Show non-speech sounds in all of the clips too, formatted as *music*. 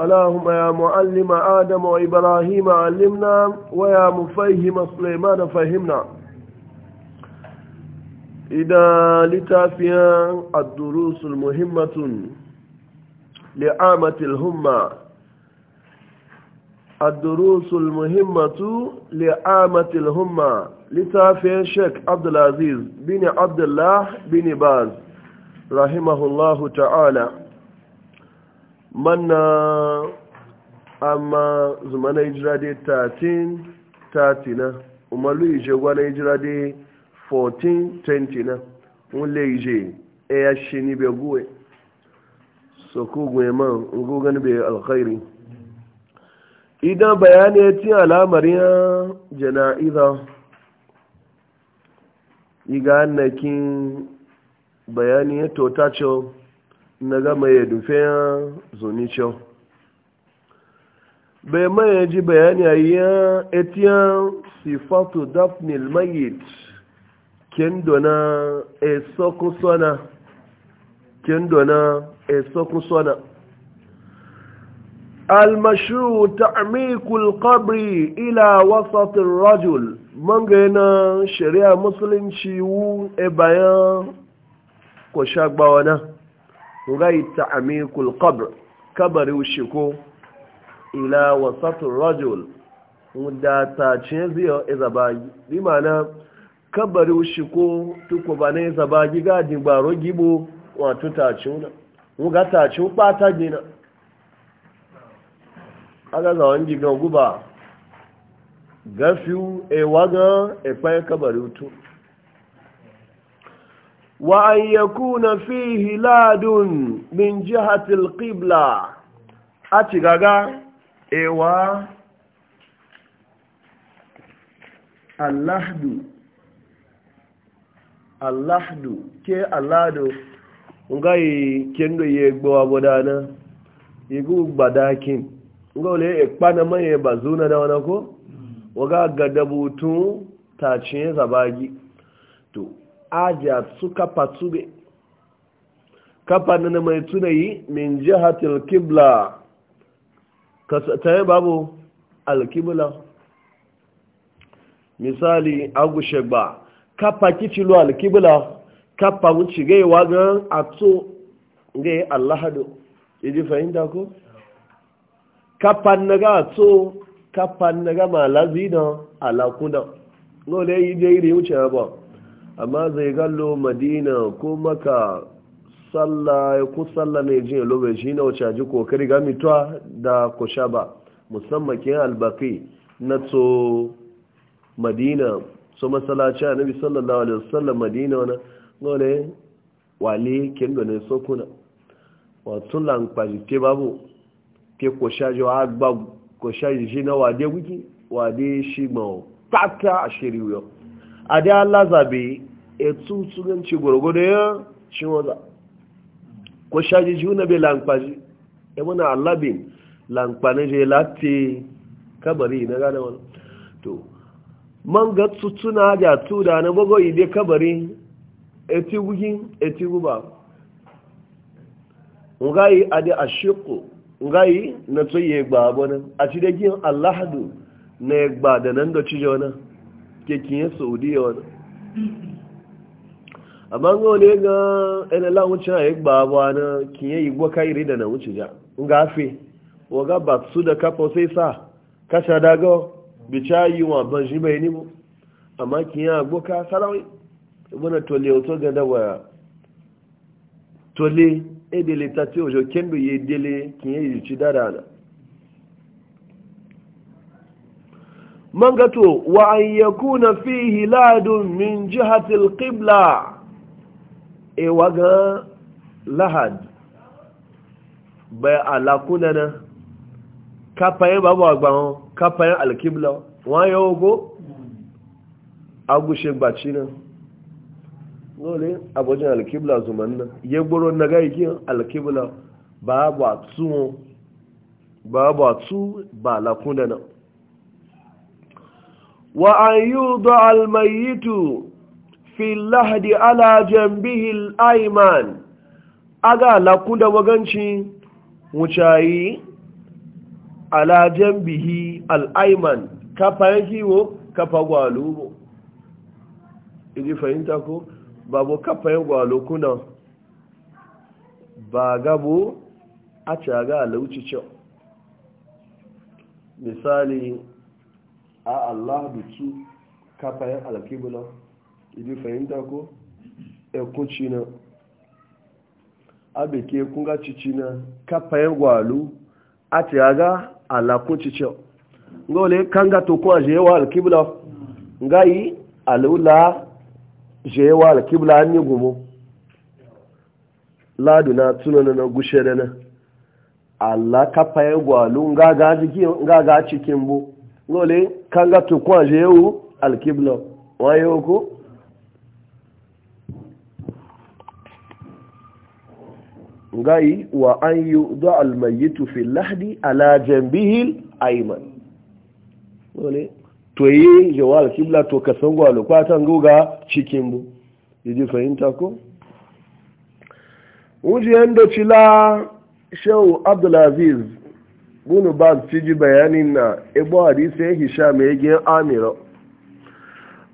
اللهم يا معلم آدم وإبراهيم علمنا ويا مفهم سليمان فهمنا إذا لتافيا الدروس المهمة لعامة الهمة الدروس المهمة لعامة الهمة لتافيا الشيخ عبد العزيز بن عبد الله بن باز رحمه الله تعالى mana amma zuma na hijira dai 1330 na umaru ije gwa na hijira dai 1420 na wule ije eya shi ni bai guwe so ku gwe man gugan bai alkhairi idan bayani ya ci alamarin jana'iza iga annakin bayani ya totacho na gama ya dufiya zonicho bai maye ji bayani a yi etiyan sifatu daphnil mayit kendona esokunsona kendona esokunsona almashu ta'amikul qabri ila wasatin rajul mangana shari'a musulunci wu e ko kwashagbawa na gai ta'amikul qabr kabari shiko ila wasatul rajul mudata cin ziyo izabagi bi mana kabari shiko tuko bana izabagi ga dibaro gibo wato tacin na muga tacin pata gina aga za wani gigan guba gafiu ewagan epayen kabari utu وأن يكون فيه لاد من جهة القبلة غاغا إيوا اللحد اللحد كي اللاد ngai kendo ye gbowa bodana igu ngole ekpana maye bazuna da wana ko waga gadabutun tace zabagi to aja su kapa tsube kafa na mai yi min jihatil kibla ta yi babu alkibla misali agushe ba kafa kicilo alkibla kafa wuce gaiwa gan ato gai Allahadu, idi fahimta ko kafa na ga ato kafa na ga malazi don alakunan le yi iri wuce ba amma zai gallo madina ko maka sallah ku tsalla ne jin lobe shi na wace ji kokari ga mituwa da sha ba musamman kin albaki na to madina so a nabi sallallahu alaihi wasallam madina wani ngole wale kin gane sokuna wato lan ke babu ke kusha jo agba sha ji na wade wiki wade shi mo tata a dai Allah zabe etu tuganci gwargwado ya cinwaza ko shaji juna bai lankwaji ya muna allabin lankwane je latte kabari na gane wani to man ga tutuna ga tu da na gbogbo ide kabari eti gugin eti guba ngayi adi ashiqu ngayi na yi gba abona a ci da gin alahadu na gba da nan da cijona ke kinye saudiya wani amma ga wani ga ɗan la wuce ya ba ba na kiye igwa gwaka iri da na wuce ja nga afe wa ga ba su da kafa sai sa kasha daga bica yi wa ban shi bai ni mu amma kiye a gwaka sarawai ibana tole wato ga da waya tole e dele ta ce ojo kendo ye dele kiye yi ci dada na man gato wa an yakuna fihi ladun min jihatil qibla ewa ga lahad bai alakuna na kafayen babu agba wọn kafayen alkibla wọn yọ ogo agushe gbaci na lórí abojin alkibla zuman na yẹ gboro naga ikin alkibla babu atu wọn babu atu ba alakuna na wa an yi almayitu fi lahadi ala jambihi al'aiman aga lakunda waganci wucayi ala jambihi al'aiman kafa yake wo kafa gwalo iji fahimta ko bu kafa yin gwalo kuna ba gabo a caga lauci cewa misali a allah bitu kafa yin alkibula ibi fahimta ko ekun cina abeke kun ga cicina kafayen gwalu a ti aga alakun cicin ga wale kan ga tokun a jewa alkibla ga yi alula jewa alkibla an yi gumo laduna tunana na gushe da na allah kafayen gwalu ga ga cikin bu ga wale kanga ga tokun a jewa alkibla wayo ko Ngayi wa an yudu almayitu fi lahdi ala jambihi ayman wale to yi jawal kibla to ka san gwalo kwatan guga cikin bu fahimta ko wujiyan chila cila shehu abdulaziz bunu ba ci ji bayanin na ebo hadisi ya hisha mai gen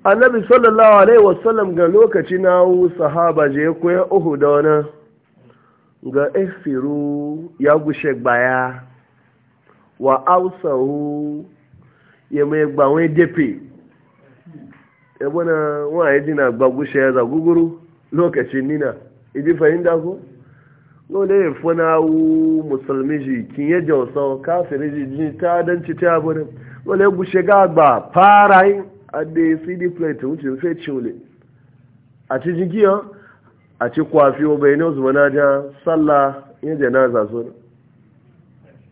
annabi sallallahu alaihi wasallam ga lokaci na sahaba je koyan uhu da ga efiru ya gushe gbaya wa ausahu ya mai gbanwe gefe yabo na wani dina gbagushe ya zaguguru lokacin nina iji fahimta ko lole ya fi na wu musulmi ji kin yi jausa kafiri ji ji ta don ci ta abu lole gushe gaba fara yin adi cd plate wuce fe ciwule a cikin giyan a ci kwafi wa bai ne wasu mana ja sallah yin janaza so na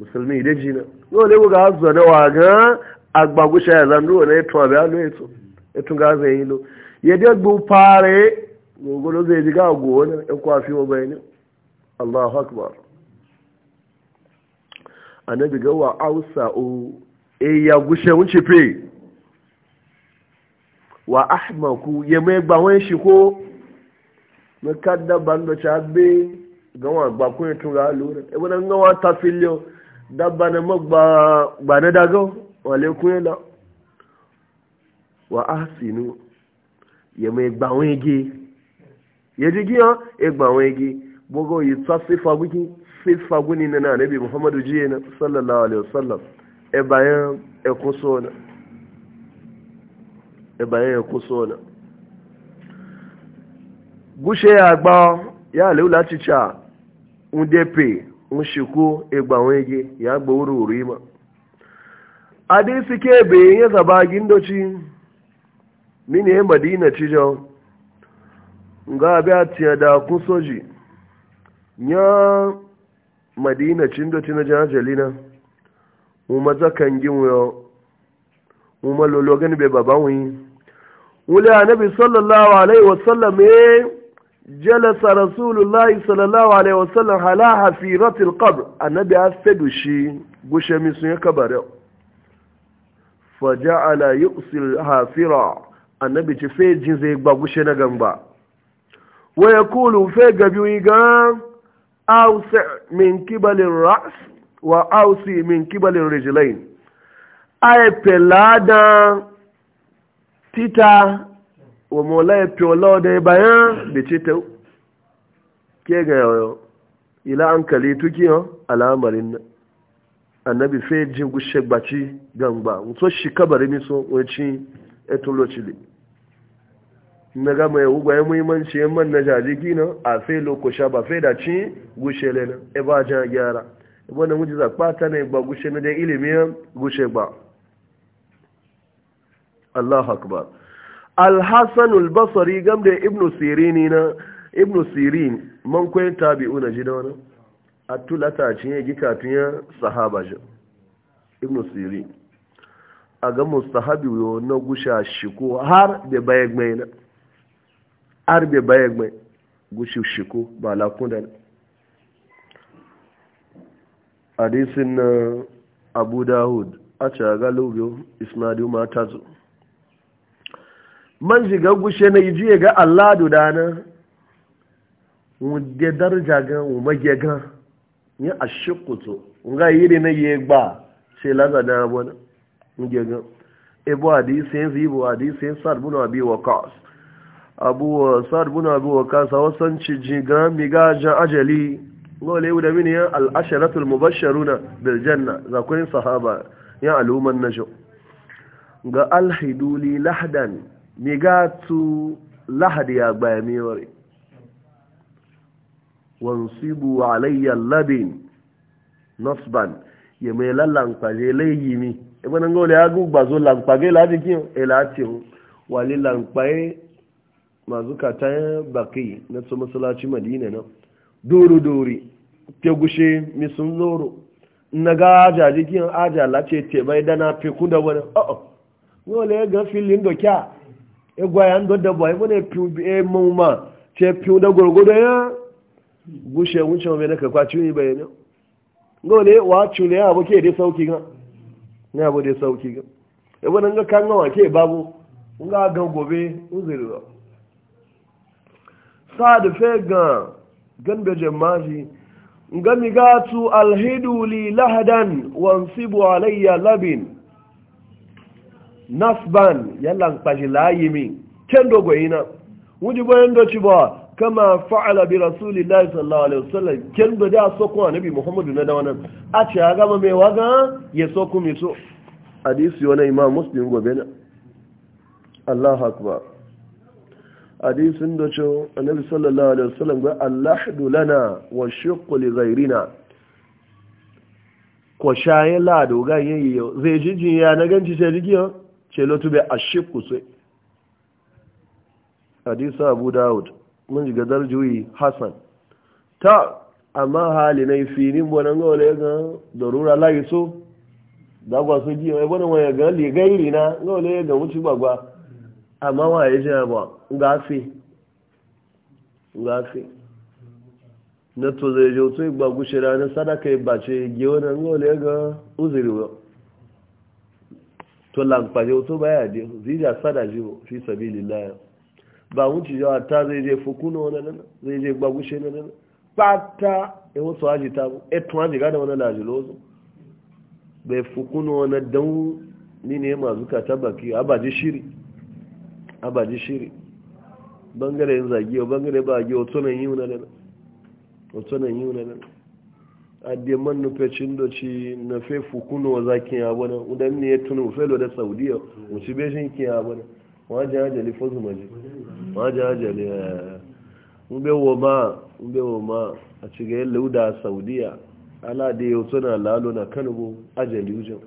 musulmi da ji na yau ne ga azuwa na waga agbagusha ya zandu wa na ya tuwa biya lo eto eto ga zai yi lo ya dai gbu fare gogoro zai ji ga gowa na ya kwafi wa bai ne allahu akbar annabi ga wa ausa o e ya gushe wuce fe wa ahmaku ya mai gbawon shi ko na kadda bando cha be gawa gba ko yi tun ga lura e wani gawa ta filio dabba na magba ba na dago wale ko yi la wa ahsinu ya mai gba wani gi ya ji giya ya gba wani gi bogo yi ta sifa guki sifa guni na na nabi muhammadu jiye na sallallahu alaihi wasallam e bayan e kusona e bayan so na. gushe ya gba ya leula chicha ndepe nshiku egbanwe gị ya gba wuru wuru ima adịsi ke ebe ihe zaba gị ndochi mini ihe madina chijo nga abịa tinye da kun soji nya madina chin dochi na jajalina mu maza kan gin wuyo mu malolo gani bai baban wuyi wuli anabi sallallahu alaihi wasallam eh jalasa rasulullahi sallallahu alaihi wasallam halaha fi ratil qabr annabi ya fedu shi gushe mi sun ya kabare fa ja'ala yusil hafira annabi ci fe jin zai gba na gamba wa yaqulu fe gabi yi ga awsi min kibali ras wa awsi min kibali rijlain ay pelada tita wa mawlaye fiwalawa da ya bayan da ce ta ke ga yawo ila an kale tuki ha al'amarin nan annabi fe jin gushe gbaci gangba mutu shi kabari mi so wacin etulo chile na gama ya ugwa ya muhimmanci ya man na jajiki na a fe lokosha ba fe da ci gushe lena e ba jan gyara wannan mujiza kwata ne ba gushe na da ilimin gushe ba Allah akbar alhassan albasari gam da ibnu sirini na ibnu sirin man kwayin tabi'u na ji da wani a tulata ci ya gika tun ya sahaba shi ibnu sirin a ga mustahabi yo na gusha shi har da bayan mai na har da bayan mai gushi shi ko ba lakun da hadisin na abu dawud a cagalubiyo isnadiyu mata zuwa man shiga gushe na iji ga Allah dudana wudde darja ga umage ga ni ashiqutu nga yiri na yegba se laza na bona nge ga ebo hadisi en zibo hadisi en sar bunu abi waqas abu sar bunu abi waqas wasan ci jiga mi ga ja ajali ngole wuda min ya al asharatu al mubashshiruna bil janna zakun sahaba ya aluman najwa ga alhiduli lahdan mi lahadi ya gbaya miwari wansibu alayya labin nasban e ya mai lallankpa je layi mi ebe na ngole ya gugba zo lankpa ge ladi kin elati hu wali lankpa e mazuka ta baki na so masallaci madina na doro dori te gushe mi sun loro na ga aja jikin aja lace te bai dana fi kunda wani o'o oh, oh. ngole ga filin do igwa ya ndo dabba ya bane piu e mumma che piu da gurgudo ya gushe wuce mai naka kwaci ne bai ne ngole wa chule ya boke dai sauki ga ne abu dai sauki ga e bana ga kan ga ke babu nga ga gobe uzuri ba da fe ga gan be jama'i ngami ga tu alhidu li lahadan wansibu alayya labin nasban yalla kpaji layimi kendo goyina wuji bayan doci ba kama fa'ala bi rasulillahi sallallahu alaihi wasallam kendo da soko nabi muhammadu na da a ce ma mai waga ya soko mi so hadisi wani imam muslim gobe na Allahu akbar hadisin da annabi sallallahu alaihi wasallam ga lana wa shiqqu ko shayin lado zai jijin ya na ganci sai ce lotube a shifku sai hadisa abu dawud mun ji gadar juyi hassan ta amma hali na ifi ni bonan ga wale ga darura layi so da gwa so ji mai bonan waya ga li gairi na ga ga gbagba amma wa ya jina ba ga fi ga fi na to zai je to gbagushe na sadaka ba ce ge wannan ga ga uzuri to lamfare wato baya je zija sada jibo fi sabilillah ba wuce yawa ta zai je fukuno wani nan zai je gbagushe na nan pata e wasu haji ta bu e tun haji da wani lajilozo bai fukuno wani don ni ne masu ka tabaki abaji shiri abaji shiri bangare yin zagi o bangare ba gi wato nan yi wuna nan wato nan yi wuna nan adde man nufe cindo ci na fe fukuno ndị za na udan ne fe lo da saudiya mu mm. ci be shin kin yabo na wa ja ja li fozu maji wa ja ja li eh, eh. mu ma mu be ma a ci ga saudiya ala da yau suna lalo na kanugo ajali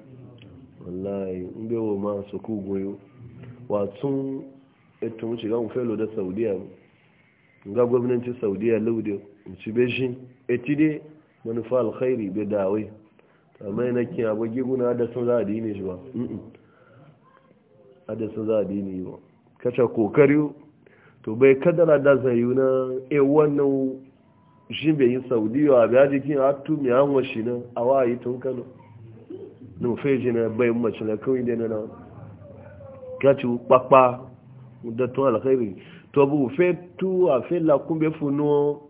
wallahi mu ma su ku goyo wa e tun ci ga fe lo da saudiya ga manufa alkhairi bai dawai amma yana kin abu giguna da za a dini shi ba a da sun za a dini ba kaca kokari to bai kadara da zayu na e wannan shi bai yi saudiya a biya jikin hatu mai hanwa shi nan a wayi tun kano nufe ji na bai mace na kawai da na kaci kpakpa da tun alkhairi to bu fetu a fe kun bai funuwa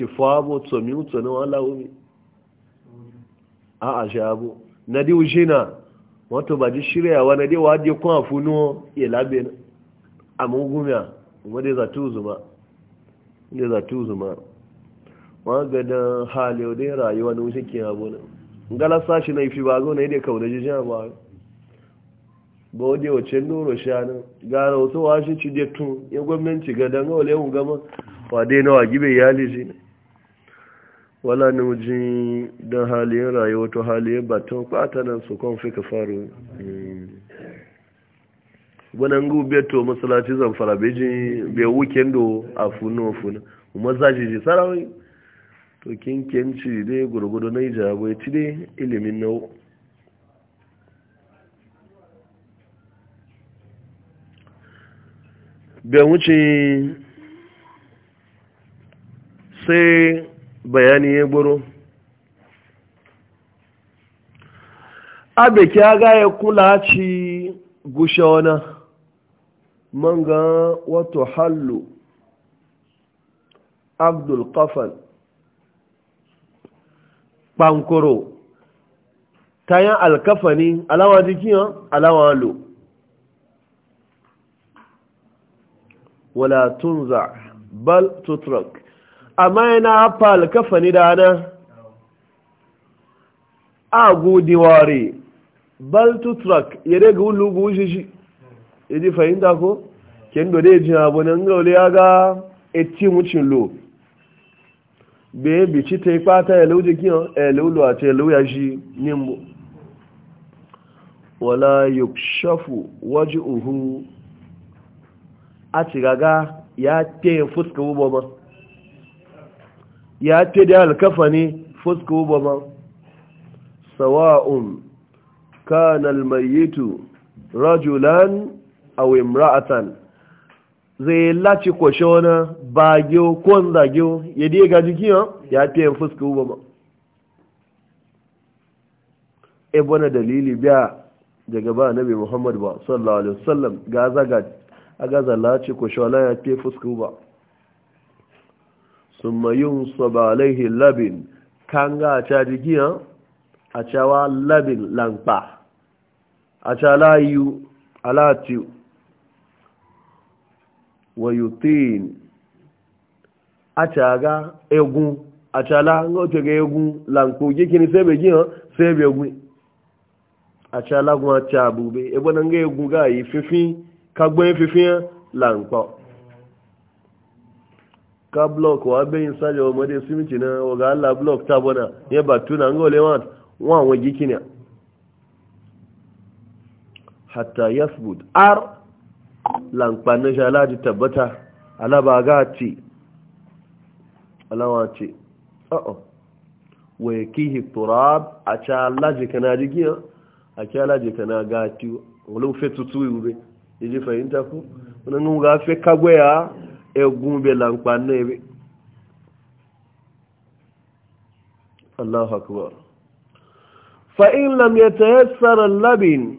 ki fabo to mi to na wala umi a a jabo na di ujina wato ba ji shirya wa na di wa di kun afunu ya labe na amugumiya kuma dai za tuzuma dai za wa ga maganin hali o dai rayuwa na wuce kiyan abu nan gala sashi na ifi ba zo na yadda kauna jijin ba ba wadda wace nuro sha nan gara wasu washe ci da tun ya gwamnati ga dan gawale yawon gama wa dai na nawa gibe ya liji wala ni wujin don halin rayuwa to halayen batun kwata nan su kwan fika ka faru hmm. wannan gube to masalaci fara beji bai wuken do a funo funo kuma zaji ji sarawai to kinkenci dai gurgudu na ija bai ci dai ilimin nau bai wuce sai bayani ya gboro abe ki aga ya kula ci gushe wani manga wato hallu abdul kafan pankoro kayan alkafani alawa jikiyan alawa lo wala tunza bal tutrak amma yana haffa alkafa ni dana a gudiware bal tutrak yare ga wulu gushe shi yaji fahimta ko ken do dai jin abu nan ga wule ya ga etti mucin lo be bi ci te pata ya lauje kiyo e laulu a ce lauya shi nimbo wala shafu yukshafu uhu a ci gaga ya te fuska bubo ba ya ce da alkafa ne fuska ba ma sawa'un kana almayitu rajulan aw imra'atan zai laci kwashe wani bagyo ko zagyo ya dai ga jikin ya ce yin fuska ba ma e bana dalili biya daga ba nabi muhammad ba sallallahu alaihi wasallam ga zaga a ga zalaci kwashe wani ya fiye fuska ba summa yunsaba alaihi labin kanga a caji giya a cewa labin lampa a ca layu alati wa yutin a caga egun a cala nga oce ga egun lanko gikini sebe giya sebe egun a cala gun a ca bube ebe na nga egun ga yi fifin kagbe fifin lanko ka blok wa be yin saja wa made simiti na wa ga Allah blok ta bona ya ba tuna ngole wa wa wa gikina hatta yasbud ar lankpa na ala di tabbata ala ba ga ci ala wa ci o o wa yakihi turab a cha laji kana digiya a cha laji kana ga ci wala fe tutu yube yaji fahimta ku wannan ga fe kagwe ya egun be lankpa na ebe Allahu akbar fa in lam yatayassara labin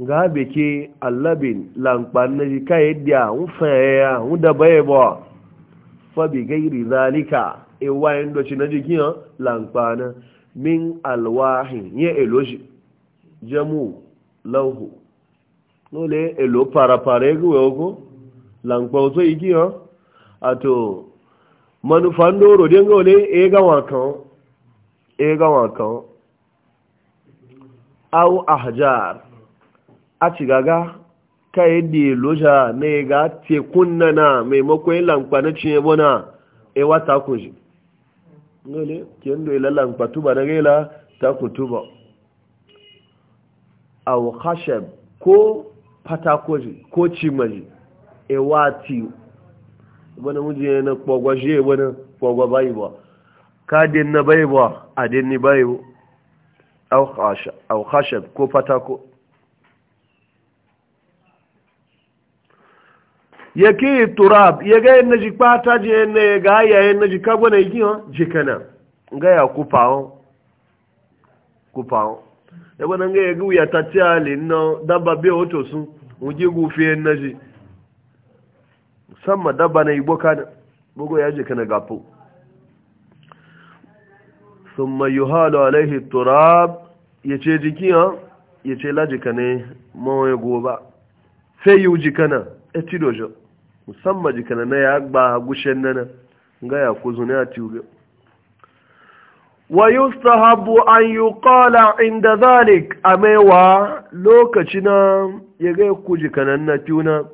ga beke a lankpa na ji ka e e ya hun fayaya hun da baye ba e fa bi gairi zalika e wayin doci na jikin lankpa na min alwahin nye eloji jamu lauhu n'o le elo parapara eguwe ogo lankpa ozo igi ha ato manufa ndị oro dị nga ole ega wakan ega wakan au ahjar a cigaga ka yadda loja na ega tekun na na maimakon lankpa na cinye bona ewa takunji la kendo ila lankpa tuba na gaila takutuba au khashab ko patakoji ko cimaji ewati wani ne na kogwa shi wani kogwa bayi ba ka din na bayi ba a din ni bayi au khashab ko patako. yake turab ya ga yin na ji kpata ji yin na ya ga yayin na ji kagwana yi jikana ga ya kufawo kufawo ebe na nga yegu ya tati ali no daba be oto sun uji gufe na ji musamman daba na igbo kana bugo ya je kana gapo summa yuhalu alaihi turab yace jikiya yace laji kane mawaye goba sai yi kana e tidojo musamman jikana na ya gba gushen nana nga ya kuzu ne a tiyo ويستحب أن يقال عند ذلك أميوا لوكتنا يغي كوجي كان نتيونا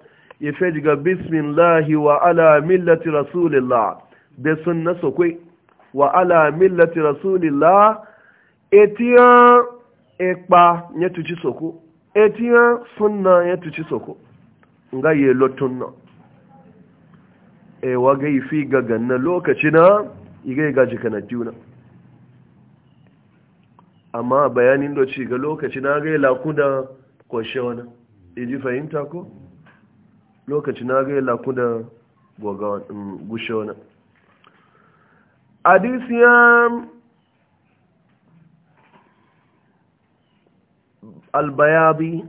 يفجغ بسم الله وعلى ملة رسول الله بسنة سكوي وعلى ملة رسول الله etiyan ekpa ya tuci soko etiyan sunna ya tuci soko nga ye lotun na e wa fi ga ganna na igai gaji kana tuna amma bayanin da ci ga lokaci na ga lakuda da kwashe wani iji fahimta ko lokaci na ga lakuda da mm, gushe wani adisiyan albayabi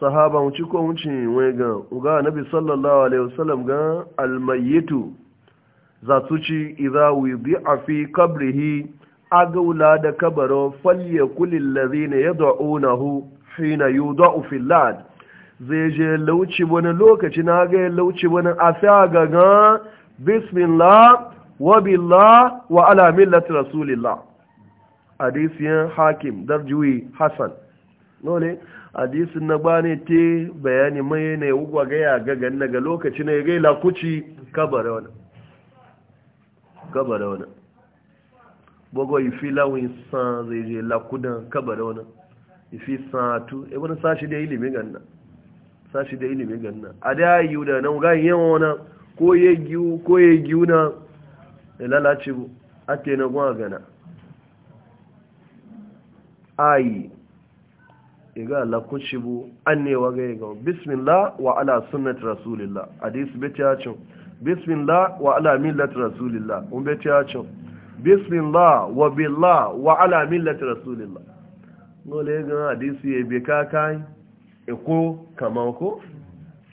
sahaba wuce ko wuce wai ga uga nabi sallallahu alaihi wasallam ga almayitu za su ci idza bi a fi kabrihi agaula da kabaro falye kulin lazina ya da'unahu hina yu da'ufin lad zai je lauci wani lokaci na ga lauci wani a gaga bismillah wa billah wa ala millat rasulillah hadisiyan hakim darjuwi hassan nole hadisin na bane te bayani mai ne ugwa gaya ya ga ganna ga lokaci ne ga lakuci kabara wani kabara wani bogo ifi lawin san zai je lakudan kabara wani ifi satu e wani sashi da ilimi ganna sashi da ilimi ganna a da yi da nan ga yin wani ko ya giwu ko ya giyu na lalace bu ake na gwa gana ayi iga lakun shi bu an ne wa ga ya gawa bismillah wa ala sunnat rasulillah hadis bete ya cin bismillah wa ala millat rasulillah un bete ya cin bismillah wa billah wa ala millati rasulillah ngole ga hadisi e be kakai e ko kama ko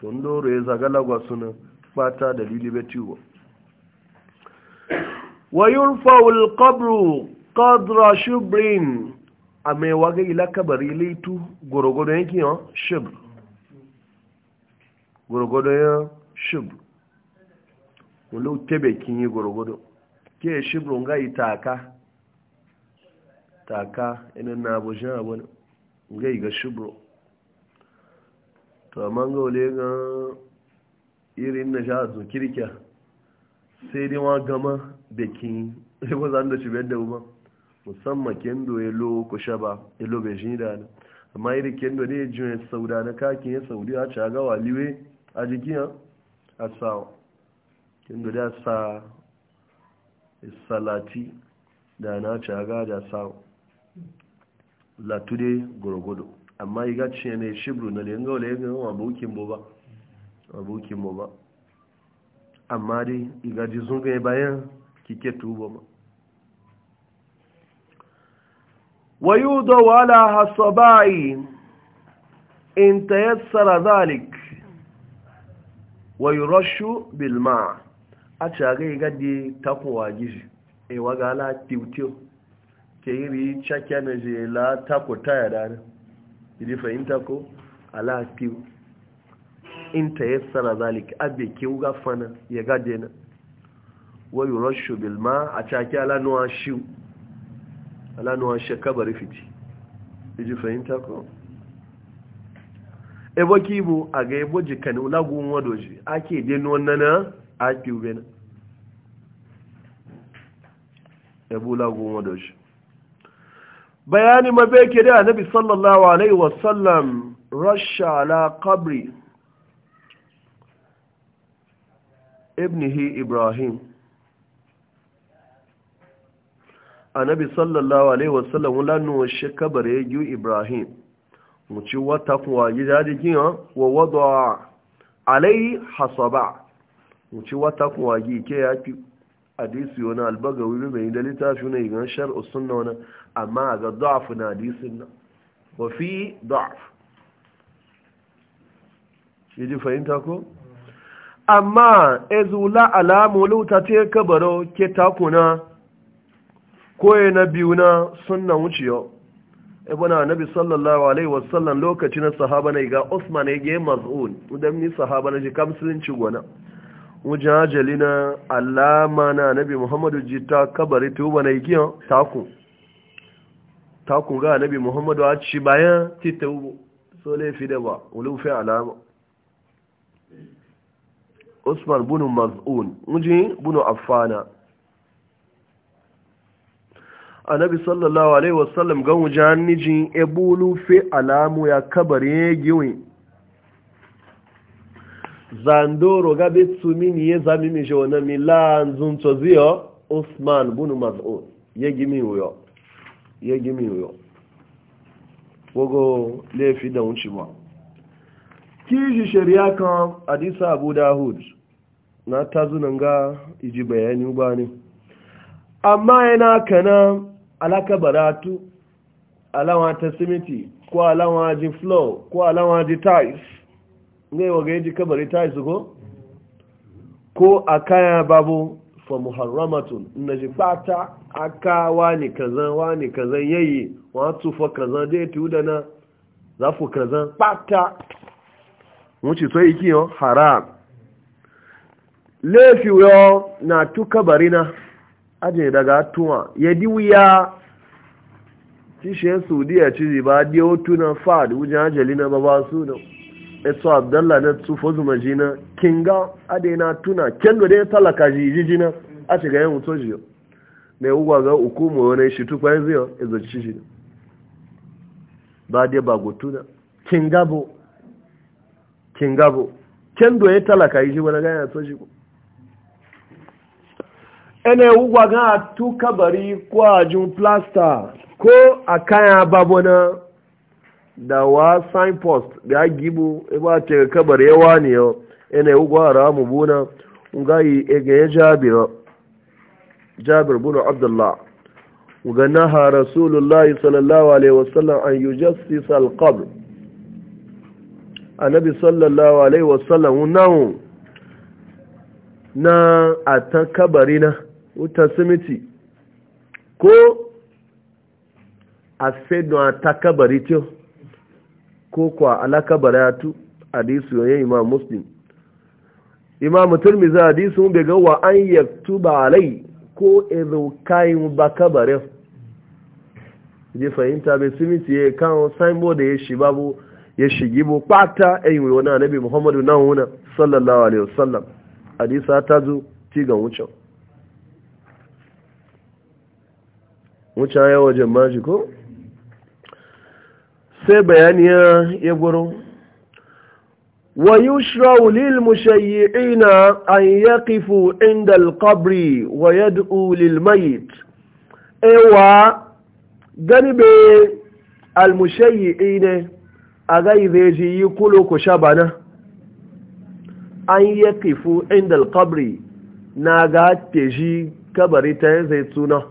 to ndoro e zagala gwa suna fata dalili betiwo wa yurfa'u al-qabru qadra shubrin ame waga ila kabari leitu gorogodo yake yo shubr gorogodo yo shubr wala utebe kinyi ke shibron nga itaka taka inan na abushin abin gai ga shibro to amma ga wale ga irin na sha su kirkiya sai dai wa gama bikin ko zan da shi da ba musamman kendo ya lo ku shaba ya lo bai shi da amma irin kendo ne ya jiya sauda na kakin ya saudi a caga waliwe a jikin a sawa kendo da sa salati da na caga da sawo latude gwargwado amma yi gaci ne shibru na lenga wale yin gawa abokin bo ba abokin bo ba amma dai igaji sun gaya bayan kike tuba ma wayu da wala hasabai in tayassara zalik wayu rashu bilma a cire gadi takowa gizi e waga ala tiwtiw ke ri chakia na je la tako taya dare iri fahimta ko ala tiw in ta tsara zalik abe ke ga fana ya gade na wa yurashu bil ma a chakia ala nuwa shiw ala nuwa shakabari fiti iri fahimta ko ebo kibu a ga ebo jikani ulagun wadoji ake denu wannan na ake ube na ebula goma da shi bayani mabe ke da nabi sallallahu alaihi wasallam rasha ala kabri ibnihi ibrahim Anabi sallallahu alaihi wasallam wulanu shi kabare yi ibrahim mu ci wata kuwa yi da kiyan wa wadda alai hasaba wuce wata kuwa gi ke ya fi hadisi wani albaga wuri mai da littafi na igan shar'u sunna wani amma ga da'af na hadisin na wa fi da'af shi ji fahimta ko amma ezula alamu lauta te kabaro ke takuna koye na biyu na sunna wuciyo ibn e annabi sallallahu alaihi wasallam lokaci na sahaba na iga usman ya ge maz'un udan ni sahaba na ji kamsulin ci gona wajen ajali na alama na nabi muhammadu jita kabari ta uba na igiyan takun takun ga nabi muhammadu a ci bayan tita ubo so laifi da ba ulufin alama usman bunu maz'un wajen bunu afana annabi sallallahu alaihi wasallam gan wajen nijin ebulu fi alamu ya kabari ya giwin zandoro gabe tsumini ya zami mi jona mi lanzun tozio Usman bunu maz'un ya gimi uyo gimi uyo wogo da ma kiji shari'a kan hadisa Abu dahud na tazunan iji bayani bani amma yana kana alaka baratu alawa ta simiti ko alawa ji flow ko alawa ji tiles ne wa yaji kabari ta yi ko ko a kaya babu fa muharramatun na ji fata aka wani kazan wani kazan yayi wato fa kazan dai tu da na zafu kazan fata wuce to yi kiyo haram lefi yo na tu kabari na aje daga tuwa ya diwiya tishe saudiya ci ba diyo tunan fad wujen ajali na ba ba su da eto abdalla na tufo zuma jina kinga adena tuna kendo da ya talaka jiji jina a shiga yin wuto jiyo na yawuwa ga hukumu wani shi tukwa yanzu yau ezo ci jina ba dai ba gotuna kinga bo kinga bo kendo ya talaka jiji wani ganya to jigo ene yawuwa ga tu kabari ko ajun plaster ko a kaya babona da wa signpost e ya gibu ba ta kabar yawa ne yau ina e yi gwara mu buna ga yi e ga ya jabir jabir bunu abdullah ga naha rasulullahi sallallahu alaihi wasallam an yujassisa alqabr annabi sallallahu alaihi wasallam nawo na atan kabari na uta simiti ko a fedon ata kabari tiyo ko kwa alaka baratu hadisu ya yi imam muslim imam turmizi hadisu bai ga wa an yaktuba alai ko ezo kayan baka bare je fahimta bai simiti ya kan da ya shi babu ya shigi bo pata wa eh, wani anabi muhammadu na wuna sallallahu alaihi wasallam hadisa ta zo ci ga wucin wucin ya wajen ko? sai bayaniya ya guru wa yushra'u lil mushayyi'ina an yaqifu 'inda al-qabri wa yad'u lil mayit ewa gani al mushayyi'ina agai beji yikulo ko shabana an yaqifu 'inda al-qabri na ga teji kabari ta zaituna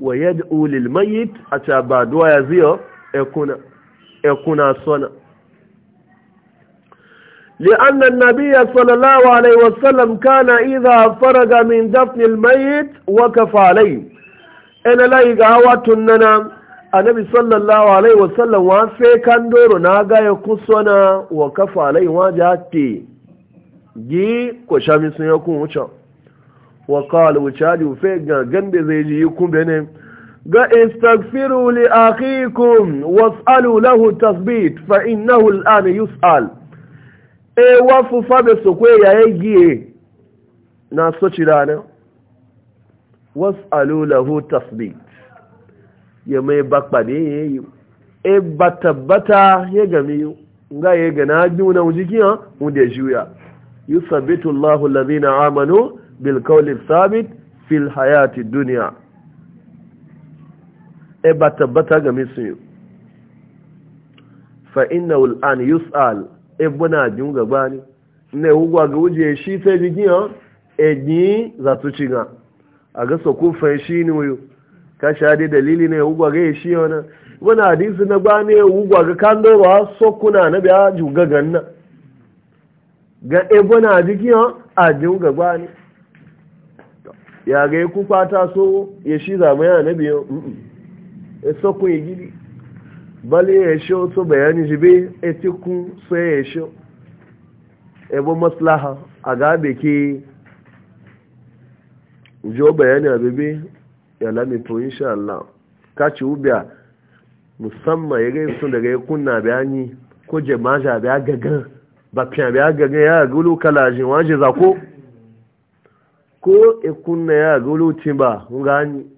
wa yad'u lil mayit a ta duwa ya ziyo ekuna ekuna sona لأن النبي صلى الله عليه وسلم كان إذا فرغ من دفن الميت وكف عليه إن لا يقعوات الننا النبي صلى الله عليه وسلم وانسي كان دور ناقا يقصنا وكف عليه واجهتي جي كشامي سيكون وشا وقال وشادي وفيقا قند زيجي يكون بينهم ga istagfiru li akhikum was'alu lahu tasbit fa innahu al'ana yus'al e wafu fabe be so ya ya e giye na so cirana was'alu lahu tasbit e, ya mai ya yi. e batabata ya gami nga ya gana juna wujikiya mu da juya yusabitu Allahu alladhina amanu bil qawli thabit fil hayati dunya e ba tabbata game su yi fa inna ul'an yus'al e buna jin gaba ne ne hugwa ga wuje shi ta jigiya e ji za su ci ga a ga sako fa shi ne wayo ka sha dai dalili ne hugwa ga shi yana wani hadisi na ba ne hugwa ga kan do ba sokuna na biya juga ganna ga e buna jigiya a jin gaba ne ya ga yi kufa ta so ya shi zama yana biyu esokun igili bali esho to bayani jibe etikun sai esho ebo maslaha agabe ki jo bayani abebe ya lami to insha Allah kaci ubiya musamman ya sun daga ya kunna bayani ko jama'a biya gagan ba fiya biya ya gulu ko timba ngani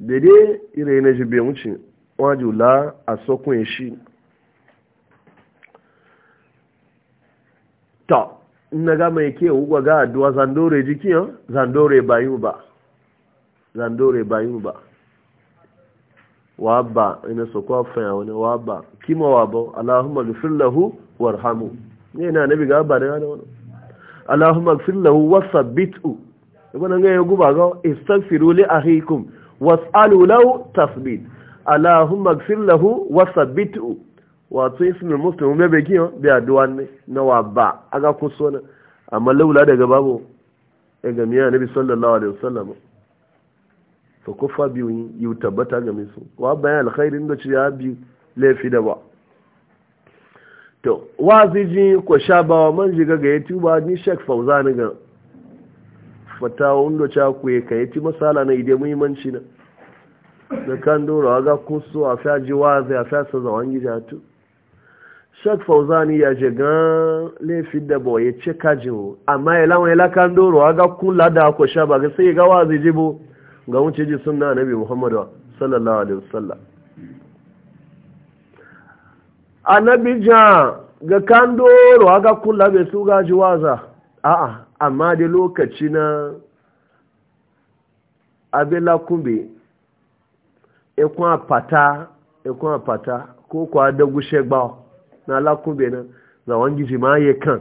dede ire na jibe wuce waju la a sokun shi ta na ga mai ke ugwa ga aduwa zandore jikin zandore bayu ba zandore bayu ba wa ina sokwa fanya wani wa ba kima wa ba allahumma gafir lahu warhamu ne na nabi ga ba da wani allahumma gafir lahu wasabbit'u ibn ga ya guba ga istaghfiru li akhikum was'alu lahu tasbit allahumma ighfir lahu wa thabbithu wato ismul muslim me be kiyo be addu'a ne na wa ba aga so na amma laula daga babu e ga miya nabi sallallahu alaihi wasallam fa kufa biyu yu tabbata ga misu wa bayan alkhairin da ciya ya bi lafi da ba to ji ko shabawa man manji ga yatuba ni shek fauzani ga fata wanda ca kuye ka yi ti masala na ide muhimmanci na da kan dora ga kuso a fiya ji wazi a fiya sa zawon gida tu shak fauzani ya je gan laifin da ba ya ce kajin amma ya lawan ya kan dora ga kula da ko sha ba ga sai ga ji bo ga wuce ji sunna nabi muhammadu sallallahu alaihi wasallam annabi ja ga kan dora ga kula bai su ji waza a'a amma da lokaci na abela kumbe ikun e apata ikun e apata ko kwa dagushe gba na alakumbe na za wangiji ma ya kan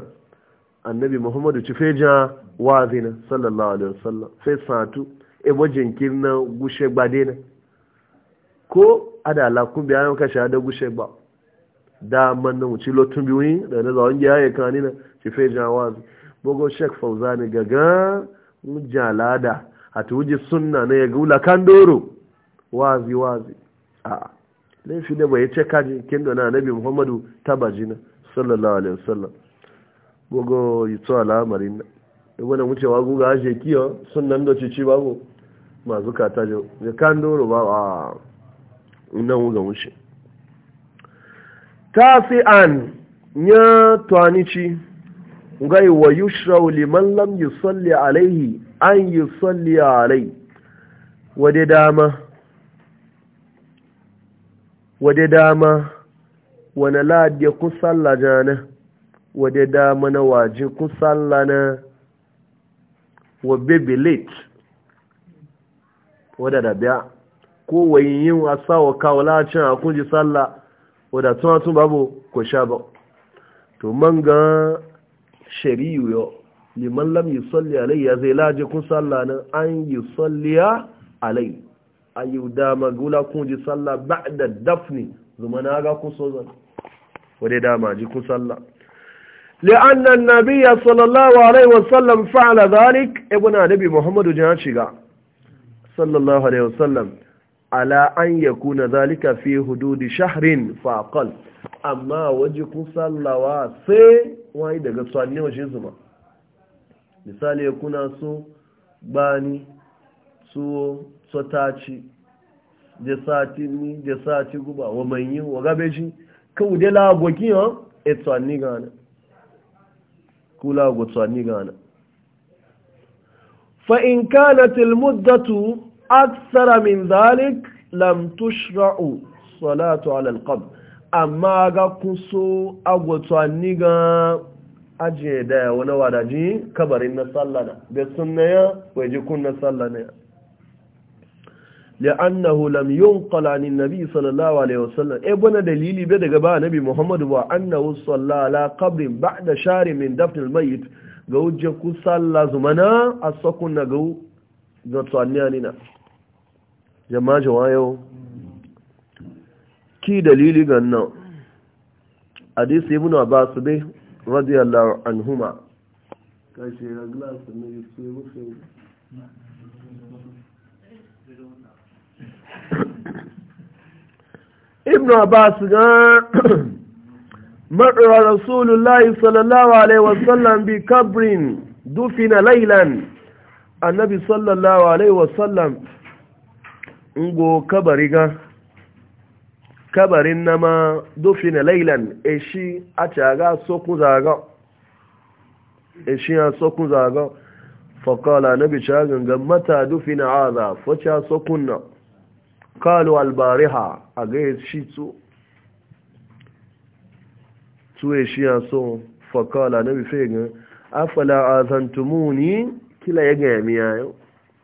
annabi muhammadu ci feja wazi na sallallahu alaihi wasallam sai satu ebo jinkir na gushe gba na ko ada alakumbe ayon kashe ada gushe gba da man na wuce lotun biyu da na za wangi ya kan ni na ci wazi bogo shek fauzani gaga mujin alada a tuji sunna na ya gula kandoro wazi wazi a laifi da bai ce kaji kindo na nabi muhammadu bajina sallallahu alaihi wasallam bogo yi tsawa lamarin na wani wucewa guga ashe kiyo sunan da cici bago masu kata jau da kandoro ba a nan wuga wuce tafi an ya tuwanici gai wa yushrau liman lam yusalli alaihi an yusalli alai wade dama wade dama wane ladiya ku salla jana wade dama na waje kun salla na wa bebe late wadda da biya ko wayin yin wasa wa kawo lacin a kunji salla wadda tun babu ko sha ba to man gan shari'u yo liman lam yusalli alayya zai laje kun sallah nan an tsalli alai ayu dama gula kun ji sallah da dafni zuma na ga kun so zan wadai dama ji kun sallah لأن النبي صلى الله عليه وسلم فعل ذلك ابن نبي محمد جانشيغا صلى الله عليه وسلم على أن يكون ذلك في حدود شهر فأقل amma waje kun sallawa sai wani daga tsanni waje zuma misali ya kuna so gbani suwo tsotaci da sati ni da sati guba wa manyi wa gabe shi kawo da lagogi ya e tsanni gana ku lago tsanni gana fa'in kanatil muddatu aksara min zalik lam tushra'u salatu alal qabr amma ga kuso agwatsanni ga ajiye daya wani wadaji kabarin na sallana da sunna ya waje na sallana ya li'annahu lam yunqala an nabi sallallahu alaihi wasallam E, bana dalili bai daga ba nabi muhammad wa annahu sallala ala qabrin ba'da shari min dafn al ga wujja ku salla zumana asakun na ga ga tsanniya nina jama'a jawayo ki dalili ga nan, hadisi ibn abbas dai radiyallahu anhuma kashi ga glass ne yake rufe ibn abbas ga madara rasulullah sallallahu alaihi wasallam bi kabrin dufina laylan annabi sallallahu alaihi wasallam ngo kabari ga kabarin na ma na lailan eshi a caga sokun zaga eshi a sokun zaga fakala na bica ga mata na aza faca sokun na kalu albariha a gaya shi tu tu eshi ya so fakala na bi fegin afala ni kila ya gami miya yau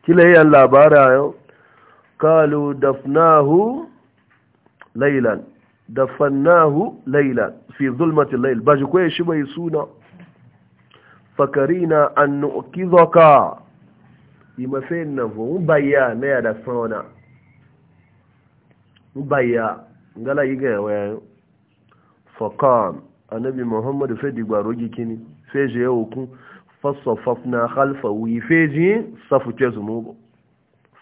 kila ya labara yau kalu dafnahu lailan dafannahu lailan fi zulmatin lail ba shi kwaye shi bai suna fakarina an nukizoka yi mafi na vun bayya na yada sauna bayya ngala yi ga yawayen anabi annabi muhammadu fai digbaro gikini fai je yau kun fasofafna halfa wuyi fai ji safu ke zumubu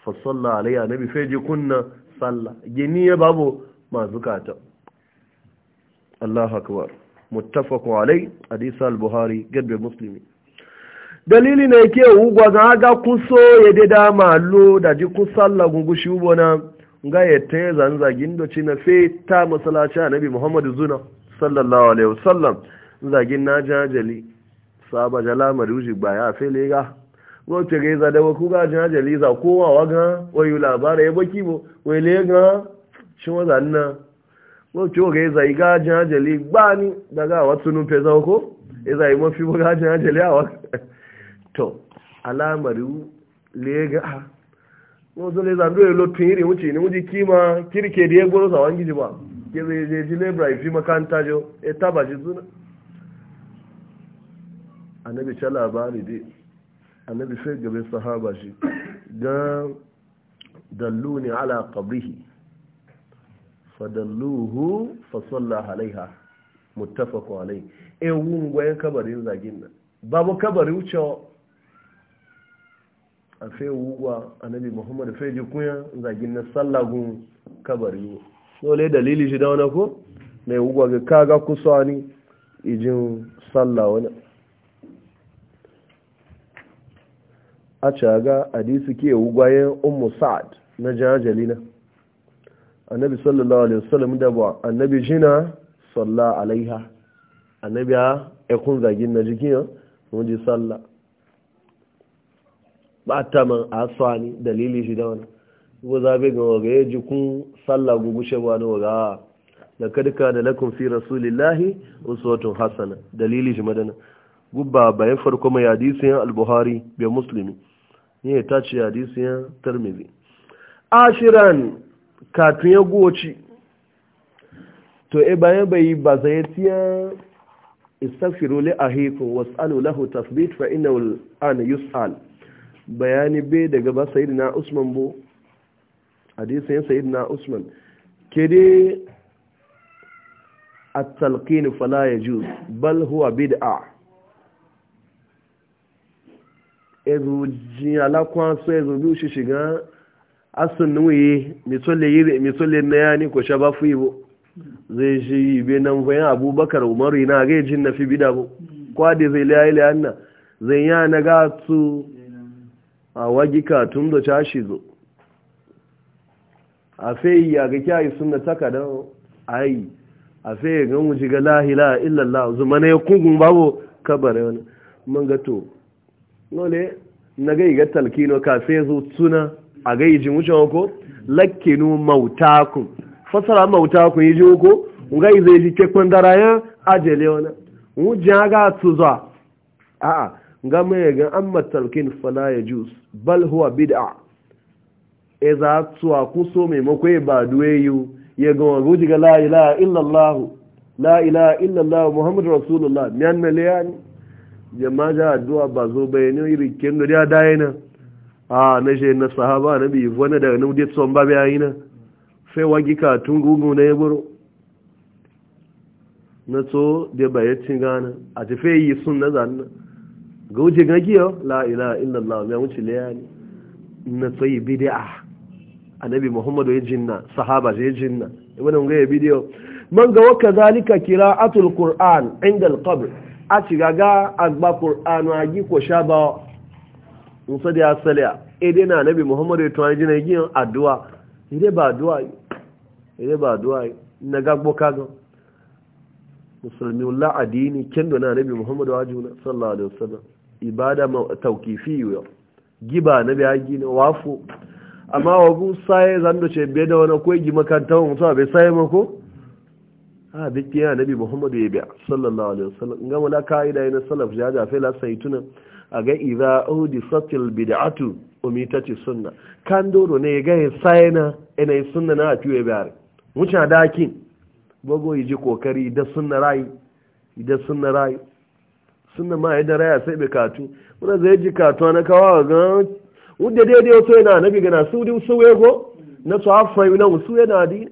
fasalla alayya annabi feji kunna salla gini ya babu ma zukata Allahu akbar muttafaqu alai hadith al-buhari gadbe muslimi dalili na yake ugwa ga ga kuso yede da malo da ji kusalla gungu shi na ga yi zanzagin doci na fe ta a nabi muhammadu zuna sallallahu alaihi wasallam zagin na jajali saba jala maruji baya fe lega go ga yi da ku ga jajali za kowa waga wayo labara ya baki bo wai lega shi wanda na wacce wa ga zai gajin hajjali gbani daga a wata nufe zau ko ya zai mafi ba gajin hajjali a wata to alamari lega wọ́n tó lè zàndó èlò tún ìrìn oúnjẹ ní oúnjẹ kí máa kíríkè dé gbọ́rọ̀ sàwọn gidi ba Ke kí lè ṣe ti lébra ìfi makanta jọ E taba ṣe tún náà annabi ta labari dai annabi sai gabe sahaba shi ga dalluni ala qabrihi fadalluhu fasalla alaiha muttafaqu alai E ewun gwayen kabarin zagin nan babu kabari wuce a fe wuwa annabi muhammad fe ji kunya zagin nan sallagun kabari dole dalili shi da wani ko mai wuwa ga kaga kusa ni ijin salla wani a caga hadisi ke wugwayen ummu sa'ad na jajalina annabi sallallahu alaihi wasallam da ba annabi jina salla alaiha annabi ya kun zagin na jikin mun ji salla ba ta man asani dalili shi da wani ko zabe ga waga ya ji kun salla gugushe ba na waga da kadka da lakum fi rasulillahi uswatun hasana dalili shi madana gubba bayan farko mai hadisin al-buhari bi muslimi ne ta ci hadisin tirmidhi ashiran katun ya goci to e bayan bai ba zai tiya istaghfiru li ahikum was'alu lahu tathbit fa innahu an yus'al bayani be daga ba sayyidina usman bo hadisin sayyidina usman kede at-talqin la yajuz bal huwa bid'a ezu jin alakwan so ezu bi shiga asunuye mitole na yani ko shaba bo. zai shi yi nan bayan abubakar umaru na ga jin na fi bida bo. kwa da zai layi anna zai ya na ga su a wagi katun da ta shi zo a fai ya ga kyayi sun da taka da ayi a fai ga mu ji ga lahila illallah zuma na ya kungun babu kabare wani mun ga to nole na ga iga talkino kafe zo suna a gai ji wucin ko lakkinu mautakun fasara mautakun yi ji Nga yi zai ji kekwan dara ya ajele wani wujan ga tuza a'a ga mai ga an matalkin falaye ya jus bal huwa bid'a e za tuwa kuso mai maimako ba duwe yi ya ga wani ruji ga la'ila ilaha illallah la muhammadu rasulullah miyan miliyan jama'a addu'a ba zo bayanin iri kin ya dayana na a na je na sahaba na bi wani daga na dai son babu yayi na sai wagi ka tun gugu na ya buru na to da cin gana a tafe yi sun na zanna ga wuce gagiya la ilaha illallah mai wuce ne na A na bi muhammadu ya jinna sahaba ya jinna wani ga ya bidiyo man ga waka zalika qira'atul qur'an inda al-qabr a ga agba qur'anu gi ko shaba musa da a saliya ede na nabi muhammad ya tuwa jina yin addu'a ede ba addu'a yi ede ba addu'a yi na gagbo kagan musulmi la adini kendo na nabi muhammad wa juna sallallahu alaihi wasallam ibada tawkifi yo giba nabi haji ne wafu amma wagu sai zando ce be da wani koyi makanta wa musa be sai mako a bikiya nabi muhammad ya biya sallallahu alaihi wasallam ngama la kaida ina salaf jaja fe la saituna a ga iza audi satil bid'atu umitati sunna kan doro ne ga sayna ina sunna na tuwe bare mucha dakin bago yiji kokari da sunna rai da sunna rai sunna ma idan rai sai be katu wanda zai ji katu na kawa ga wanda dai so yana nabi gana su din su wego na su afa yi na su yana di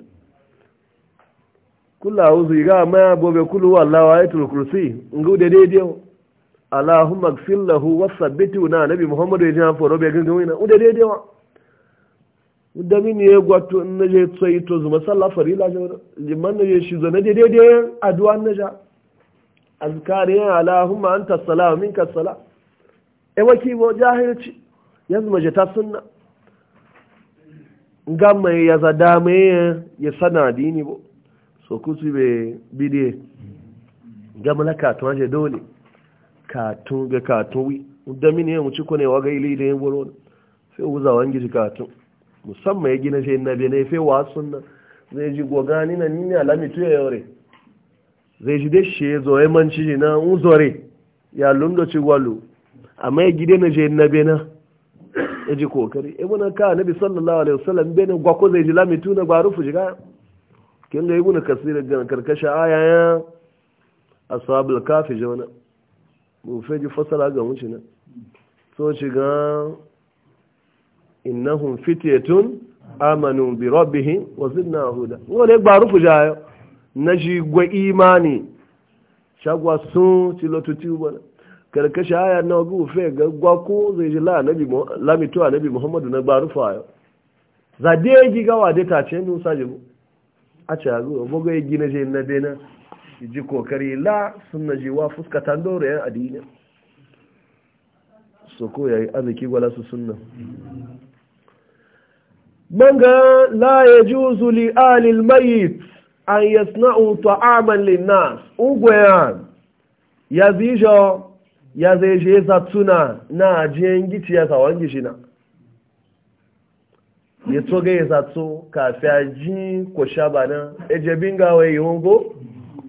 kula uzu ga ma bobe kulu wallahi ayatul kursi ngu dai Allahumma gfir lahu wa sabbitu na nabi Muhammadu ya jafa robe gangan wina uda daidai wa uda min ya gwato in na je tsayi to zuma sallah farila liman na je shi zo na je daidai addu'a na ja azkari ya Allahumma anta salam minka salam e waki bo jahilci yanzu maje ta sunna gamma ya zada mai ya sana dini bo so kusu be bidiye gamma na katuwa je dole katun ga katun wi da mini ya muci kone waga ili da ya boro sai wuza wangi ji katun musamman ya gina shi na bene fe wa sunna zai ji gogani na nini alami tuya yore zai ji dai shi zo ya manci ji na uzore ya lundo ci walu amma ya gide na shi na na ya ji kokari ibn e ka na nabi sallallahu alaihi wasallam bene gwako zai ji lami tuna ba rufu shiga ga kin ga ibn kasir karkashin ayayen ashabul kafi jona bu feji fasara ga wuce na so shiga innahum fityatun amanu bi rabbihim wa zidna huda wole gbaru ku jayo na ji gwa imani shagwa sun ti lotu ti ubana karkashi aya na wagu fe ga gwa ko zai ji la nabi nabi muhammadu na gbaru fayo za de gi gawa de ta ce nusa jibu a ce a go go gi na je na de na ji kokari la na jiwa fuskatan dore yan adini su ko yayi arziki gwala su sunna manga la ya ji zuli alil almayit an yasna'u ta'aman linnas ugwayan zai je zatuna na giti ya Ya sawangi shina yetsoge zatso kafi ajin ko ejebin gawa yi yongo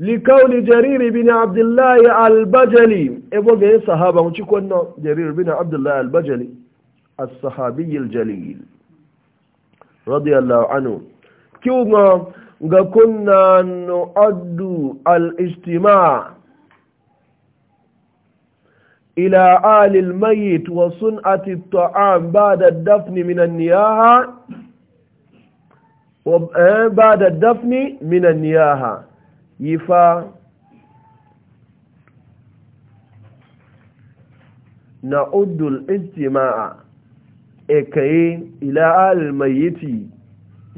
لكون جرير بن عبد الله البجلي ابو جه صحابه وشكون جرير بن عبد الله البجلي الصحابي الجليل رضي الله عنه كيوما كنا نؤد الاجتماع إلى آل الميت وصنعة الطعام بعد الدفن من النياحة آه، بعد الدفن من النياحة yifa fa na udul istima'a e kai ila almayiti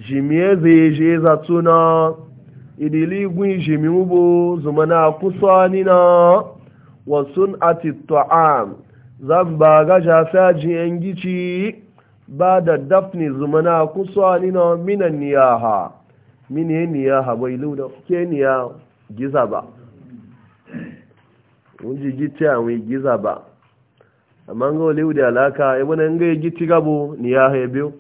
jimiye zai je za na idili gun jimi ubo zuma na kusa nina wasun ati ta'am zan ba ga jafa jiyan gici ba da dafni zuma na kusa nina minan niyaha mini ya niya habai luna ke niya giza ba wunji giti a wani giza ba amma ga wale da alaka ya nga ga ya giti gabo niya ya biyu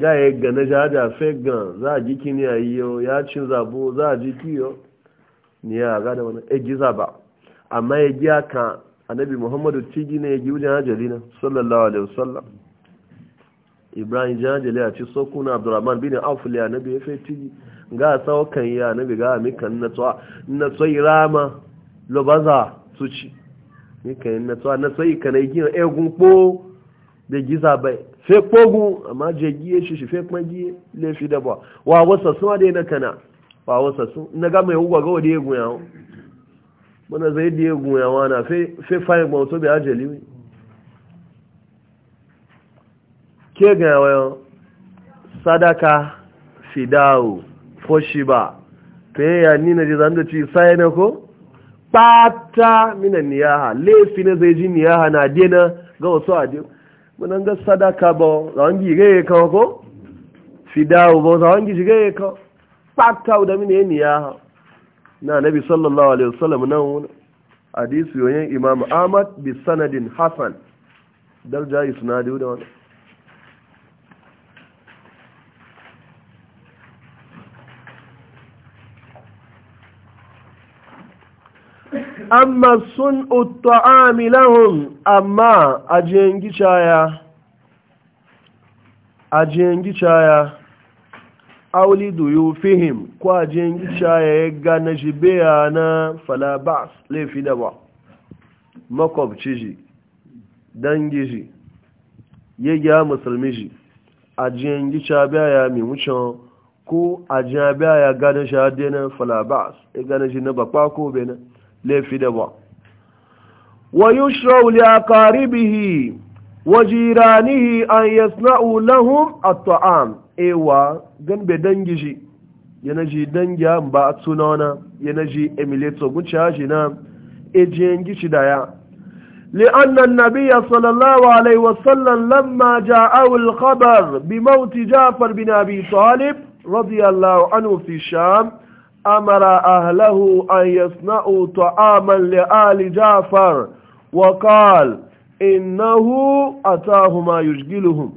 ga ya gana jaja fegan za a jiki a yi yau ya cin zabo za a jiki yau niya ga da wani e giza ba amma ya e giya kan annabi muhammadu tigi ne ya gi wujen hajjali na sallallahu alaihi wasallam ibrahim jihajjali a ci sokuna abdurrahman bin auf liya annabi ya fai tigi ga saukan ya na ga mikan na tsawa na tsayi rama lobaza su ci mikan na tsawa na tsayi ka na gina egun eh, po da giza bai fe kogu amma je giye shi shi fe kuma giye lefi da ba wa wasa suna da na kana wa wasa sun na ga mai hugwa ga wadi egun yawo mana zai da egun yawa na fe fayin ba wato bai ajali ke ga yawa sadaka fidawo foshi ba to ya ni na ji zan ci sai na ko pata minan niyaha lefi na zai ji niyaha na dena ga wasu adiyo munan ga sadaka ba za wangi ga ka ko fidawo ba za wangi ga ka pata da mini niyaha na nabi sallallahu alaihi wasallam nan hadisi yoyin imam ahmad bi sanadin hasan darja isnadu da wannan amma sun utta'ami lahum amma ajengi caya ajengi caya auli duyu fihim ko ajengi caya ya gane shi biya na falabas laifi da ba makwabci shi dangi shi ya gya musulmi shi ajengi caya biya ya mimucin ko ajengi biya ya gane shi adena falabas ya gane shi na bakwa ko benin لفدوا ويشرع لأقاربه وجيرانه أن يصنعوا لهم الطعام إيوا جن بدنجي ينجي دنجا مبات سنونا ينجي إميليتو قنشا جنا إجينجي شدايا لأن النبي صلى الله عليه وسلم لما جاءه الخبر بموت جعفر بن أبي طالب رضي الله عنه في الشام أمر أهله أن يصنعوا طعاما لآل جعفر وقال إنه أتاه ما يشغلهم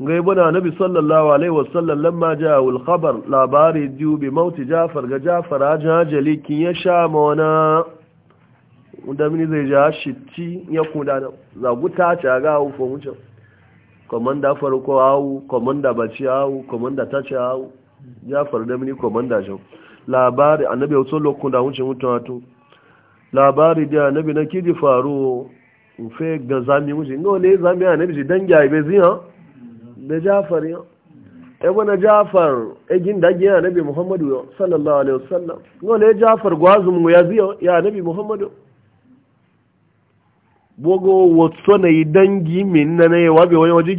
غيبنا نبي صلى الله عليه وسلم لما جاء الخبر لا باري ديو بموت جعفر جعفر جلي كي يشامونا wanda mini zai ja shitti ya kudana zaguta ce ga haufon wucin komanda farko hau komanda baci hau komanda ta ce hau jafar da mini komanda shi labari annabi ya wasu lokun da wuce mutum wato labari da annabi na kiji faru fe ga zami wuce ino ne zami annabi shi dangi gyaye bai ziyan da jafar ya e na jafar egin da gina annabi muhammadu sallallahu alaihi wasallam ino ne jafar gwazin ya ziyan ya annabi muhammadu bogo wasu na yi dangi min na na yawa bai wani waje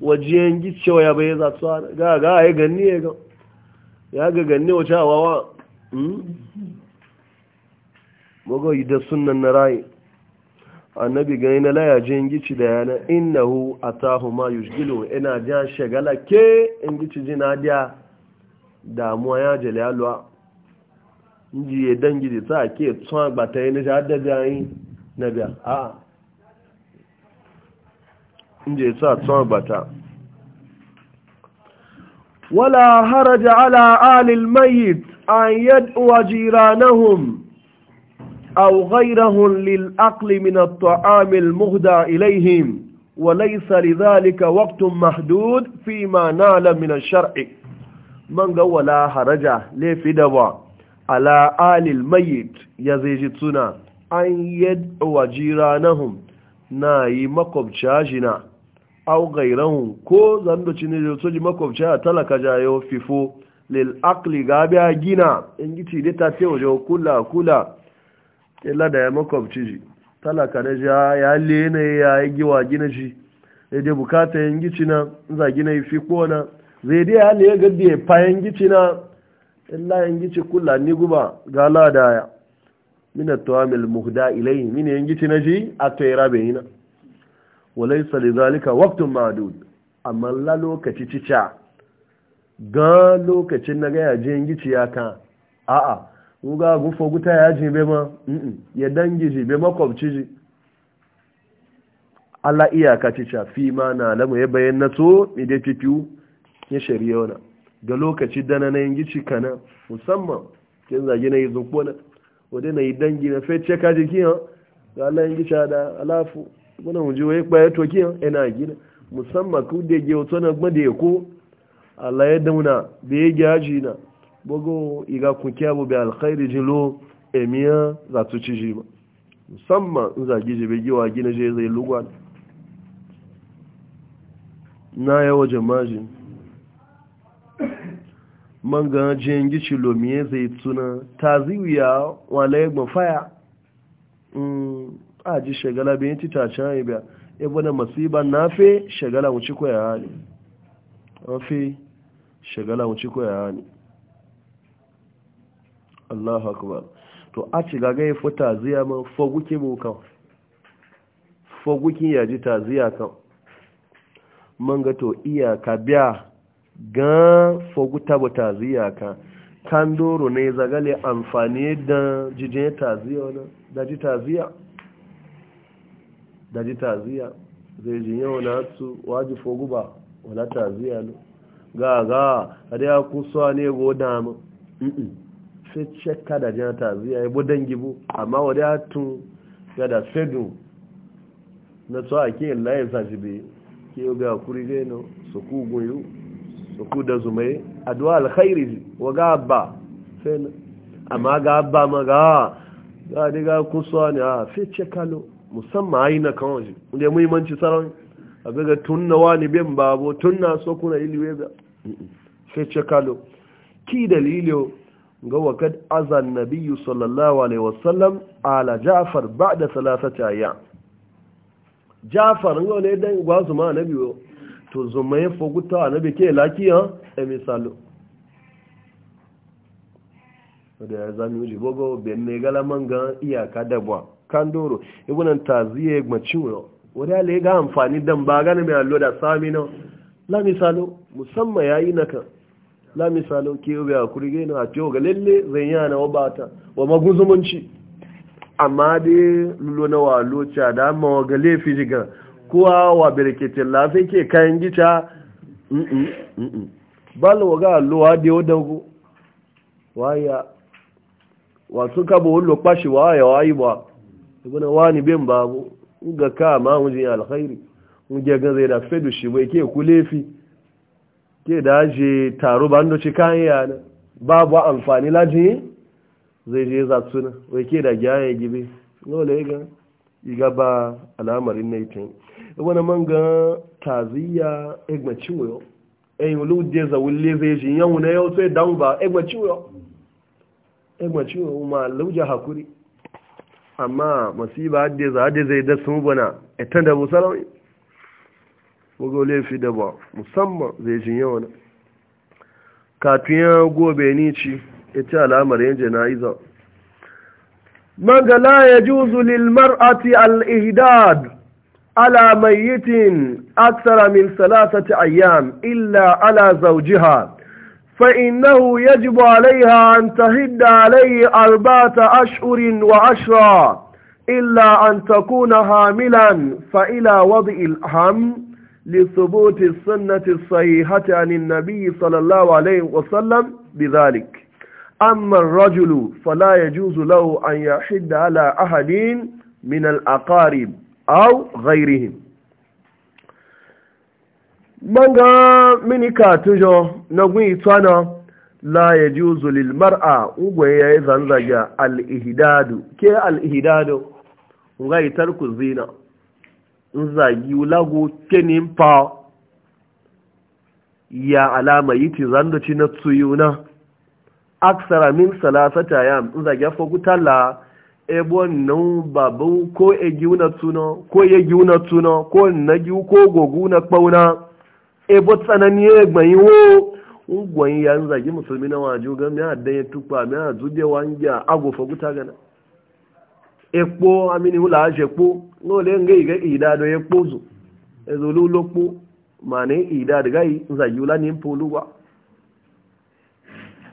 wajen gicewa ya bai za su ga ga ya ganni ya ga ya ga ganni wace awawa hmm? mago yi da sunan na rayi annabi gani na laya jin gici da yana a atahu ma gilo ina ja shagala ke in gici na dia damuwa ya jale alwa ji ya dangi da ta ke tsohon gbata yi na jihar da jayi na biya a. Ah. inda ya sa tsawon bata wala haraja ala alil mayit an yad'uwa jiranahum aw ghayrahum lil aqli min at-ta'am al-muhda ilayhim wa laysa lidhalika waqtun mahdud fi ma nala min ash-shar'i man ga wala haraja lafi da ala alil mayit ya zai tuna an yad'uwa jiranahum na yi makwabca au gairahu ko zando cine da soji makwabci a talaka jayo fifo lil akli gabi a gina in gici da ta ce waje kula kula illa eh, da ya makwabci ji talaka da ja ah, ya lena ya yi giwa gina shi eh, da bukata yin gici na za gina yi fiko na zai dai hali ya gaddi ya fayan na illa yin gici kula ni guba ga ladaya Min tuwa mil muhda ilai mina yin gici na ji a tuyara bayina walaisa da zalika waktun ma'adud amma la lokaci cica ga lokacin na ga yaje gici ya ka a'a ga gufo guta ya ji be ma ya dangi ji be makwabci ji ala iyaka cica fi ma na lamu ya bayan na to mi da fifiyu ya shari'a wana ga lokaci dana na yin gici kana musamman kin zage na yi zunkona wadda na yi dangi na fece ka jiki ha ga ala yin gica da alafu muna mu ji wai kpaya to kiyan ina gina musamman ku da ge wato na gba da yako Allah ya dauna da ya ji na bogo iga kun kiya bo bi alkhairi jilo emiya za tu ci ji ba musamman in za gije bai giwa gina je zai lugwa na yawa jamaji man ga jengi cilo miye zai tuna taziwiya wala ya gbafaya hmm. a ji shagala bayan titacen ya biya ebe na masiban na fi shagala wuce kwaya ya hali an fe shagala wuce kwaya ya hali allahu akbar to a ci gaga ya fi taziya ma faguki mu kan faguki ya ji taziya kan man ga to iyaka biya gan faguta ba taziya kan kan doro ne zagale amfani da jijin taziya wani da ji taziya da ji taziya zai ji yau na su waji fogu ba wala taziya lo ga ga ada ya kusa ne go dama sai cekka da jina taziya ya bu dangi bu amma wada tun ga da sedu na so ake layin sashi shi bi ke ga kuri zai no su ku goyu su ku da zumai adwa alkhairi wa ga ba sai amma ga ba ma ga ga ga kusa ne a sai cekkalo musamman ayi na kan waje ya muhimmanci sarari a gaga tunna wani bin babo tun na so kuna iliwe ga ce kalo ki dalilu ga wakad azan nabiyyu sallallahu alaihi wasallam ala ja'far ba'da salasati ayyam ja'far ngo ne dan gwazu ma nabi yo to ya foguta nabi ke laki ha e misalo da ya zami uji bogo benne galamanga iyaka dabwa kandoro ibunan taziye gmaciwo wani ala ya ga amfani dan ba gane mai allo da sami na la misalo musamman ya yi naka la misalo ke yi a kurge na a fiye ga lalle zai yi ana ta wa maguzumunci amma dai lullo na wa ca da amma wa ga laifi jiga kowa wa birkitin lafi ke kayan gita balo ga allo wa da yau dango waya wasu kabo wullo kwashi waya wayi ba ibn wani bin babu ga ka ma wujin alkhairi wuje ga zai da fedu shi bai ke kulefi ke da je taro bando ci kan yana babu amfani laji zai je za tsuna bai ke da gyaye gibe dole ga iga ba al'amarin na itin wani man ga taziya egma ciwo ẹ̀yìn olóòdé zàwílé zèèjì yẹn wọn ẹ̀yọ́ tó ẹ̀dáhùn bá ẹgbẹ̀ tí ó yọ ma hakuri amma masiba hadde za hadde zai da sun bana ita e da musalawai bugo laifi da ba musamman zai jin yawa na katuyan gobe ni ci ita alamar yin jana'iza la ya juzu lil mar'ati al-ihdad ala mayyitin aksara min salasati ayyam illa ala zawjiha فإنه يجب عليها أن تهد عليه أربعة أشهر وعشرة إلا أن تكون حاملا فإلى وضع الحمل لثبوت السنة الصحيحة عن النبي صلى الله عليه وسلم بذلك أما الرجل فلا يجوز له أن يحد على أحد من الأقارب أو غيرهم manga mini ka tujo na gwi itwana la ya ji uzulil mar'a ugwe ya yi zanzaga al'ihidadu ke al'ihidadu nga yi tarku zina zagi lagu ke pa ya alama yi ti zandaci na tsuyuna aksara min salasata ya zagi afo fogutala ebon na babu ko egiuna tsuno ko egiuna tsuno ko nagi ko na kpauna ebo tsanani ya gbanyi wo ungwanyi ya zagi musulmi na wajo ga mi adan ya tukpa mi a zude wangiya agofa guta gana ekpo amini hula aje po no le nge iga idado ekpo zo ezolu lokpo mane idado ga zagi ula ni mpoluwa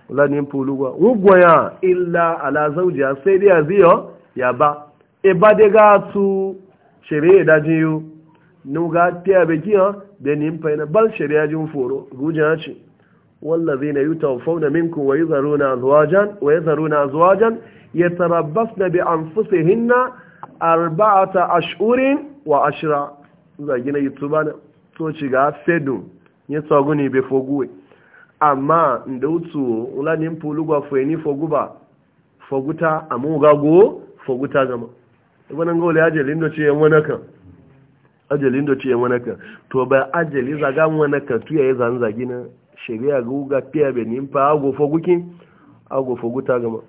ula ni mpoluwa ungwanya illa ala zauji sai dai aziyo ya ba e ba de ga tu shere da jiyo nuga tiya be kiyo benin faina bal shari'a jin foro guja ce wallazi na yuta fauna minku wa yuzaruna azwajan wa yuzaruna azwajan yatarabbasna bi anfusihinna arba'ata ash'urin wa ashra za gina na to ci ga fedu ya tsaguni be foguwe amma nda utu ulani mpulugwa fweni foguba foguta go foguta gama ibana ngole aje lindo ce yan wani kan ajalin da ce mana ka to ba ajali zaga mana ka tuya ya zan zagi na shari'a ga uga fiya be nin fa ago foguki ago foguta gama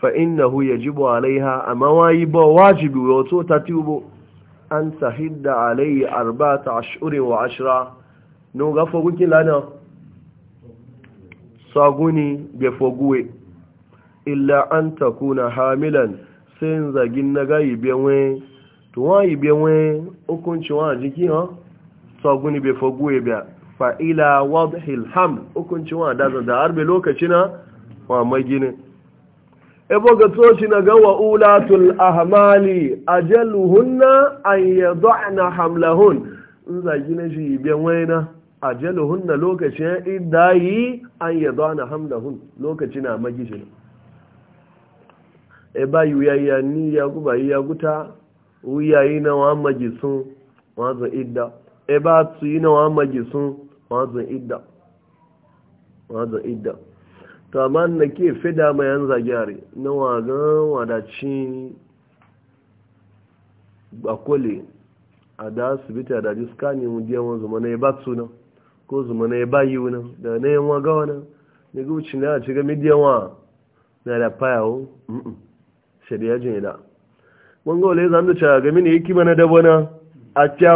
fa innahu yajibu alaiha amma wayi ba wajibi wato ta tubo an tahidda alai 14 wa 10 no ga foguki lana saguni be foguwe illa an takuna hamilan sai zagin na gayi wai. to wọ́n ìgbé wọn okùnci wọn àjíkí hàn sọgbọ́n ibẹ̀ fọgbó ibẹ̀ fa'ila wadhil ham okùnci wọn daza da harbe lokaci na wọn magini ebo ga toci na gawa ulatul ahmali ajaluhunna an yadhana hamlahun in zagi na shi ibẹ̀ waina ajaluhunna lokacin idayi an yadhana hamlahun lokaci na magijin eba yuyayyani ya guba yi ya guta wuyayi na wa maji sun wazan idda e ba su yi na wa maji sun wazan idda wazan idda to amma na ke fida mai yan zagyare na wagan wadaci bakwale a da asibiti a daji skani wujiyar wani zuma na ya ba suna ko zuma na ya ba yi wuna da na yin waga wani na guci na a ciga midiyan wa na da fayawo shari'a jin mun ga wale zan da cewa ne yake mana dabo na a de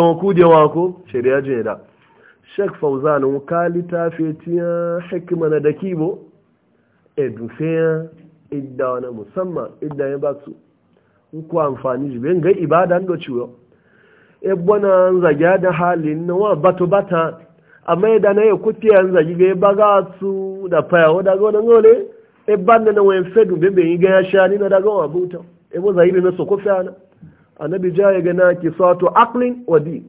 won ku de ko shari'a je da shek fauzan ka fe tiya hikima na dakibo edufiya idda na musamman idda ya ba ku amfani ji ben ga ibada ndo ciwo e bona zagi da halin na wa bato bata amma na ya kutiya zagi ga baga su da paya wada daga wannan gole e banda na wayan fedu bebe yi ga shani na daga wa butan ebo zahiri na soko fiyana annabi ja ya gana ki sato aklin wa di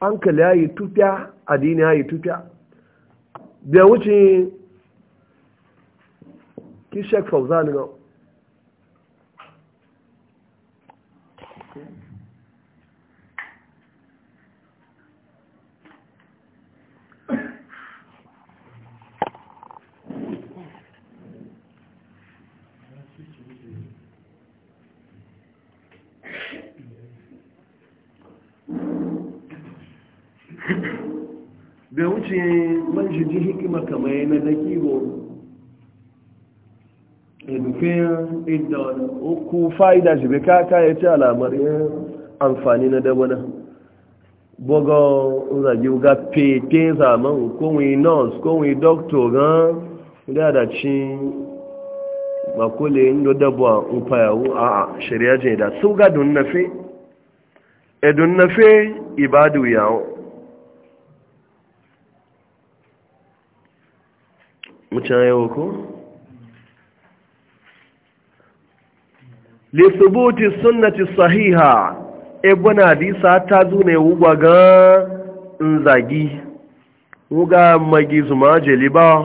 an kala yayi tuta adini yayi tuta da wuce ki shek fauzani na bai wuce man jiji hikima kamar yana da kibo edufin idda wani uku fa'ida shi bai kaka ya ce alamar yin amfani na dabana bugo zagi ga fete zaman kowai nurse kowai doctor gan dadaci makule ndo dabwa upayawu a a shari'a jini da su ga dunnafe e ibadu yawo mucin yawa ko lissubuti sunnati sahiha ebona hadisa ta zune wugwa ga nzagi wuga magi zuma jeli ba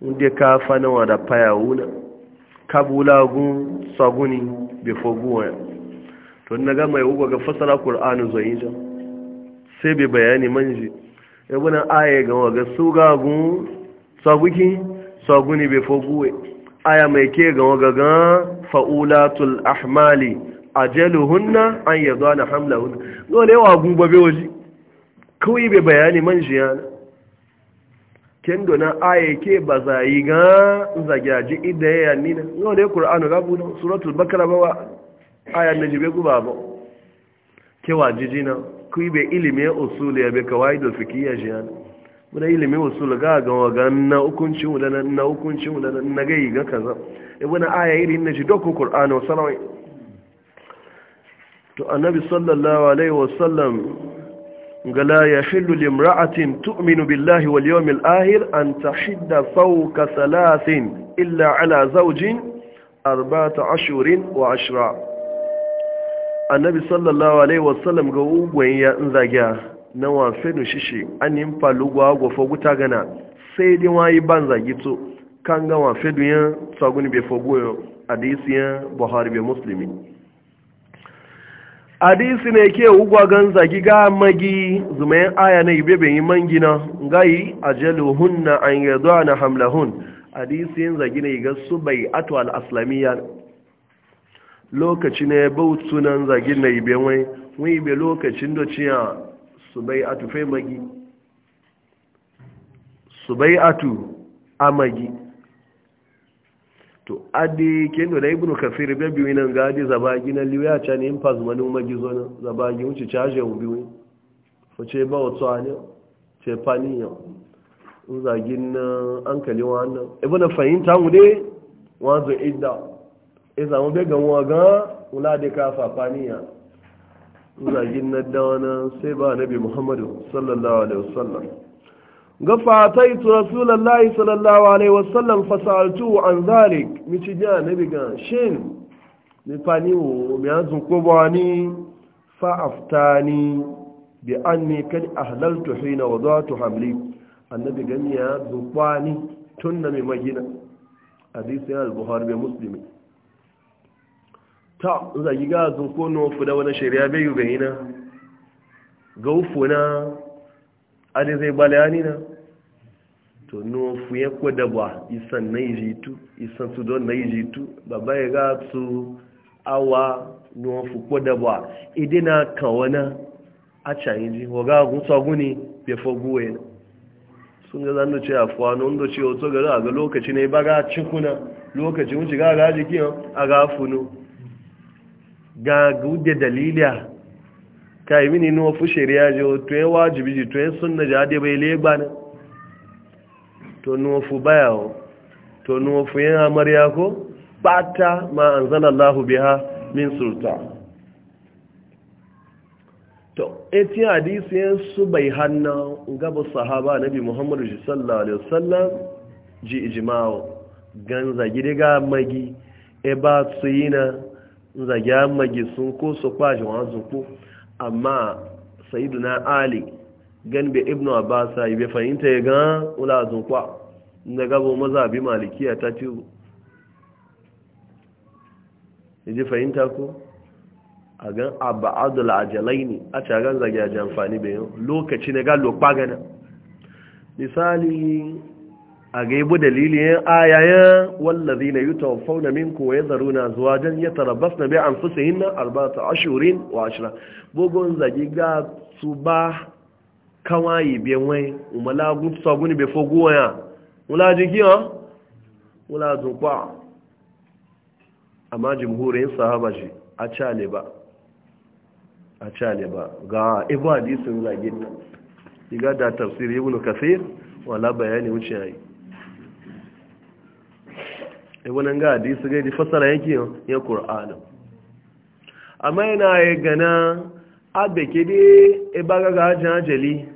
wunde ka fanawa da paya wuna gun saguni before guwa to na ga mai wugwa ga fasara ƙur'anu zai sai bai bayani manji ebuna aya ga waga su gun, saguki saguni bai foguwe aya mai ke ga waga ga fa'ulatul ahmali ajaluhunna an yadda na hamlahunna dole yawa gun bai waje kawai bai bayani man shi yana kendo na aya ke ba za yi ga zagyaji idda ya yanni na dole kur'anu ga na suratul bakara ba wa aya na jibe guba ba kewa jijina kuibe ilimin usul ya bai kawai da fikiyya shi yana muna ilimin usul ga ga waga na hukuncin wudana na hukuncin wudana na gai ga kaza ibn e aya irin na shi dokku qur'ani wa salawai to annabi sallallahu alaihi wa sallam ga la yahillu limra'atin tu'minu billahi wal yawmil akhir an tahidda fawqa thalathin illa ala zawjin arba'ata ashhurin wa ashra' annabi sallallahu alaihi wasallam ga ugwen ya in zagiya na wafe no shishi an yin falugwa gwafa guta gana sai din wayi ban zagi to kan ga wafe duniya tsaguni bai fagoyo ya buhari bai muslimi hadisi ne ke ugwa gan zagi ga magi zumayen aya na ibe bai yi mangina gayi ajaluhunna an yadda na hamlahun hadisiyan zagi ne ga su bai al-aslamiyya lokaci ne bautu sunan zagin na ibe wai wani ibe lokacin da ciya su bai atu tufe magi su bai tu a magi to adi kendo da ibnu kafir be biyu nan ga zabagi na liya cha ne impas manu magi zo zabagi wuce chaje mu biyu fo ce ba wato ani ce paniyo zagin na an kali wannan ibnu fahimta mu dai wazo idda iza mu be ganwa ga ula de ka fafaniya zagin na dawana sai ba nabi muhammadu sallallahu alaihi wasallam ga fataitu rasulullahi sallallahu alaihi wasallam fasaltu an zalik mi ci ja nabi ga shin mi fani wo mi azun ko bani fa aftani bi anni kad ahlaltu hina wadatu hamli annabi gani ya zukwani tun na mai magina hadisi al-buhari bi muslimi ta zagi ga zun ko no fuda wani shari'a bai yi ga ufu na ade zai balayani na to nufu fu ya ko da ba isan na ijitu isan su don na ijitu baba ya ga su awa nufu fu ko da ba na kawana a can ji waga gun sagu ne bai faguwe sun ga zan ce a fuwa na wanda ce wato gari a ga lokaci ne ba ga cikuna lokaci wuce ga ga jikin a ga funu ga gude dalilia ka yi mini nuwa fi shari'a ji to ya wajibi ji to ya suna ji adi bai legba ne to nuwa fi baya o to nuwa fi yin amarya ko bata ma an zana allahu biya min sulta to eti hadisi yin su bai hannu gaba sahaba nabi muhammadu sallallahu alaihi wasallam ji ijimawo ganza gidiga magi e ba su yi na zage magi sun ko su kwashe wa zuku amma na ali gan bi ibnu abbas ai be fahimta ya ga ula zuku na gabo bi malikiya ta ci yaji fahimta ko a gan abu adul ajalai ne a gan zagya amfani bayan lokaci na ga lokpa misali a gaibu dalilin ayayen wallazi na yi tawafau na minku wa ya zaru na zuwa don ya tarabas na bai an fi sayin na albata ashirin wa ashira bugun zagi ga su ba kawai biyan wai umala gutsa guni bai fogu waya wula jiki wa?" wula zunkwa amma jimhurin sahaba shi a cale ba a cale ba ga ibu hadisun zagin nan iga da tafsiri ibn kasir wala bayani wuce yayi ibunan ga hadisi gaidi fasara yake ya ƙur'anin amma yana ya gana abeke dai ibaga e ga hajjin hajjali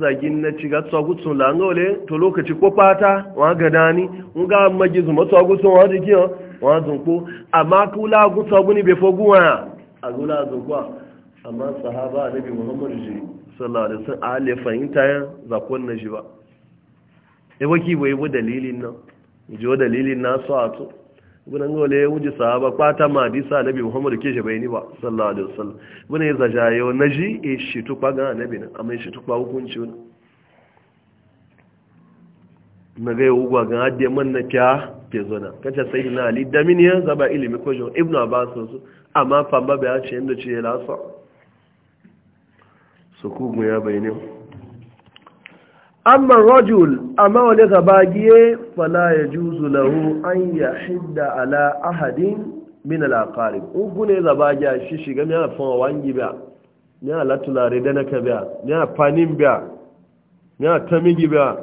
zagin na ci ga tsagutsun langole to lokaci ko fata wa gada ni n ga magi zuma tsagutsun wa jiki wa zunko amma kula gutsa guni bai fogu wa a gula zunkwa amma sahaba nabi muhammadu shi sallallahu alaihi wasallam a le fahimta yan zakon na shi ba e waki bai bu dalilin nan jo dalilin na so to gunan gole wuji sahaba kwata ma hadisa nabi muhammad ke shi bayani ba sallallahu alaihi wasallam bune ya zajayo naji e shi tu kwa ga nabi na amma shi tu kwa hukunci wani na ga yau ga hadde man na kya ke zona kace sayyidina ali damin ya zaba ilimi ko jon ibnu abbas so amma fa ba ya ce inda ce la so su ku ya bayani amma rajul amma wani gabagiye fala ya juzu lahu an ya hidda ala ahadin min alaqarib ugu ne gabagiya shi shiga miya alfa wangi ba miya latulare da naka ba miya afanin ba mi atamigi ba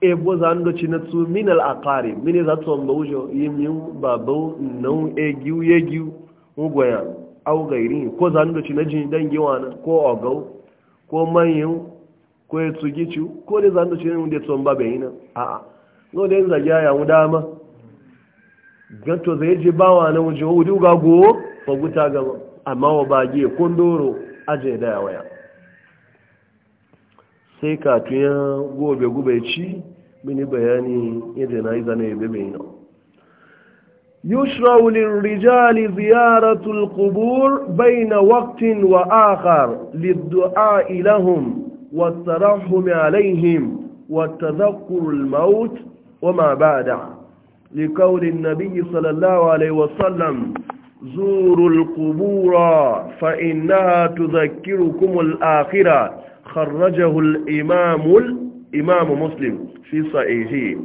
e bo zando ci na su min alaqarib min za to mba ujo yimin babu nau e giu ye giu ya au gairi ko zan doci na jin dangi na ko ogau ko manyan kwetu gicu kore zando chine unde tomba beina a a ngode nza jaya mudama gato ji bawa na unje udi ga foguta gama ama obagie kondoro aje da ya waya sai ka tuya gobe gube ci mini bayani yadda na yi zane ya bebe yi yushra wulin rijali ziyaratul kubur bai na waktin wa akhar lidu'a ilahun والترحم عليهم والتذكر الموت وما بعد لقول النبي صلى الله عليه وسلم زوروا القبور فإنها تذكركم الآخرة خرجه الإمام الإمام مسلم في صحيحه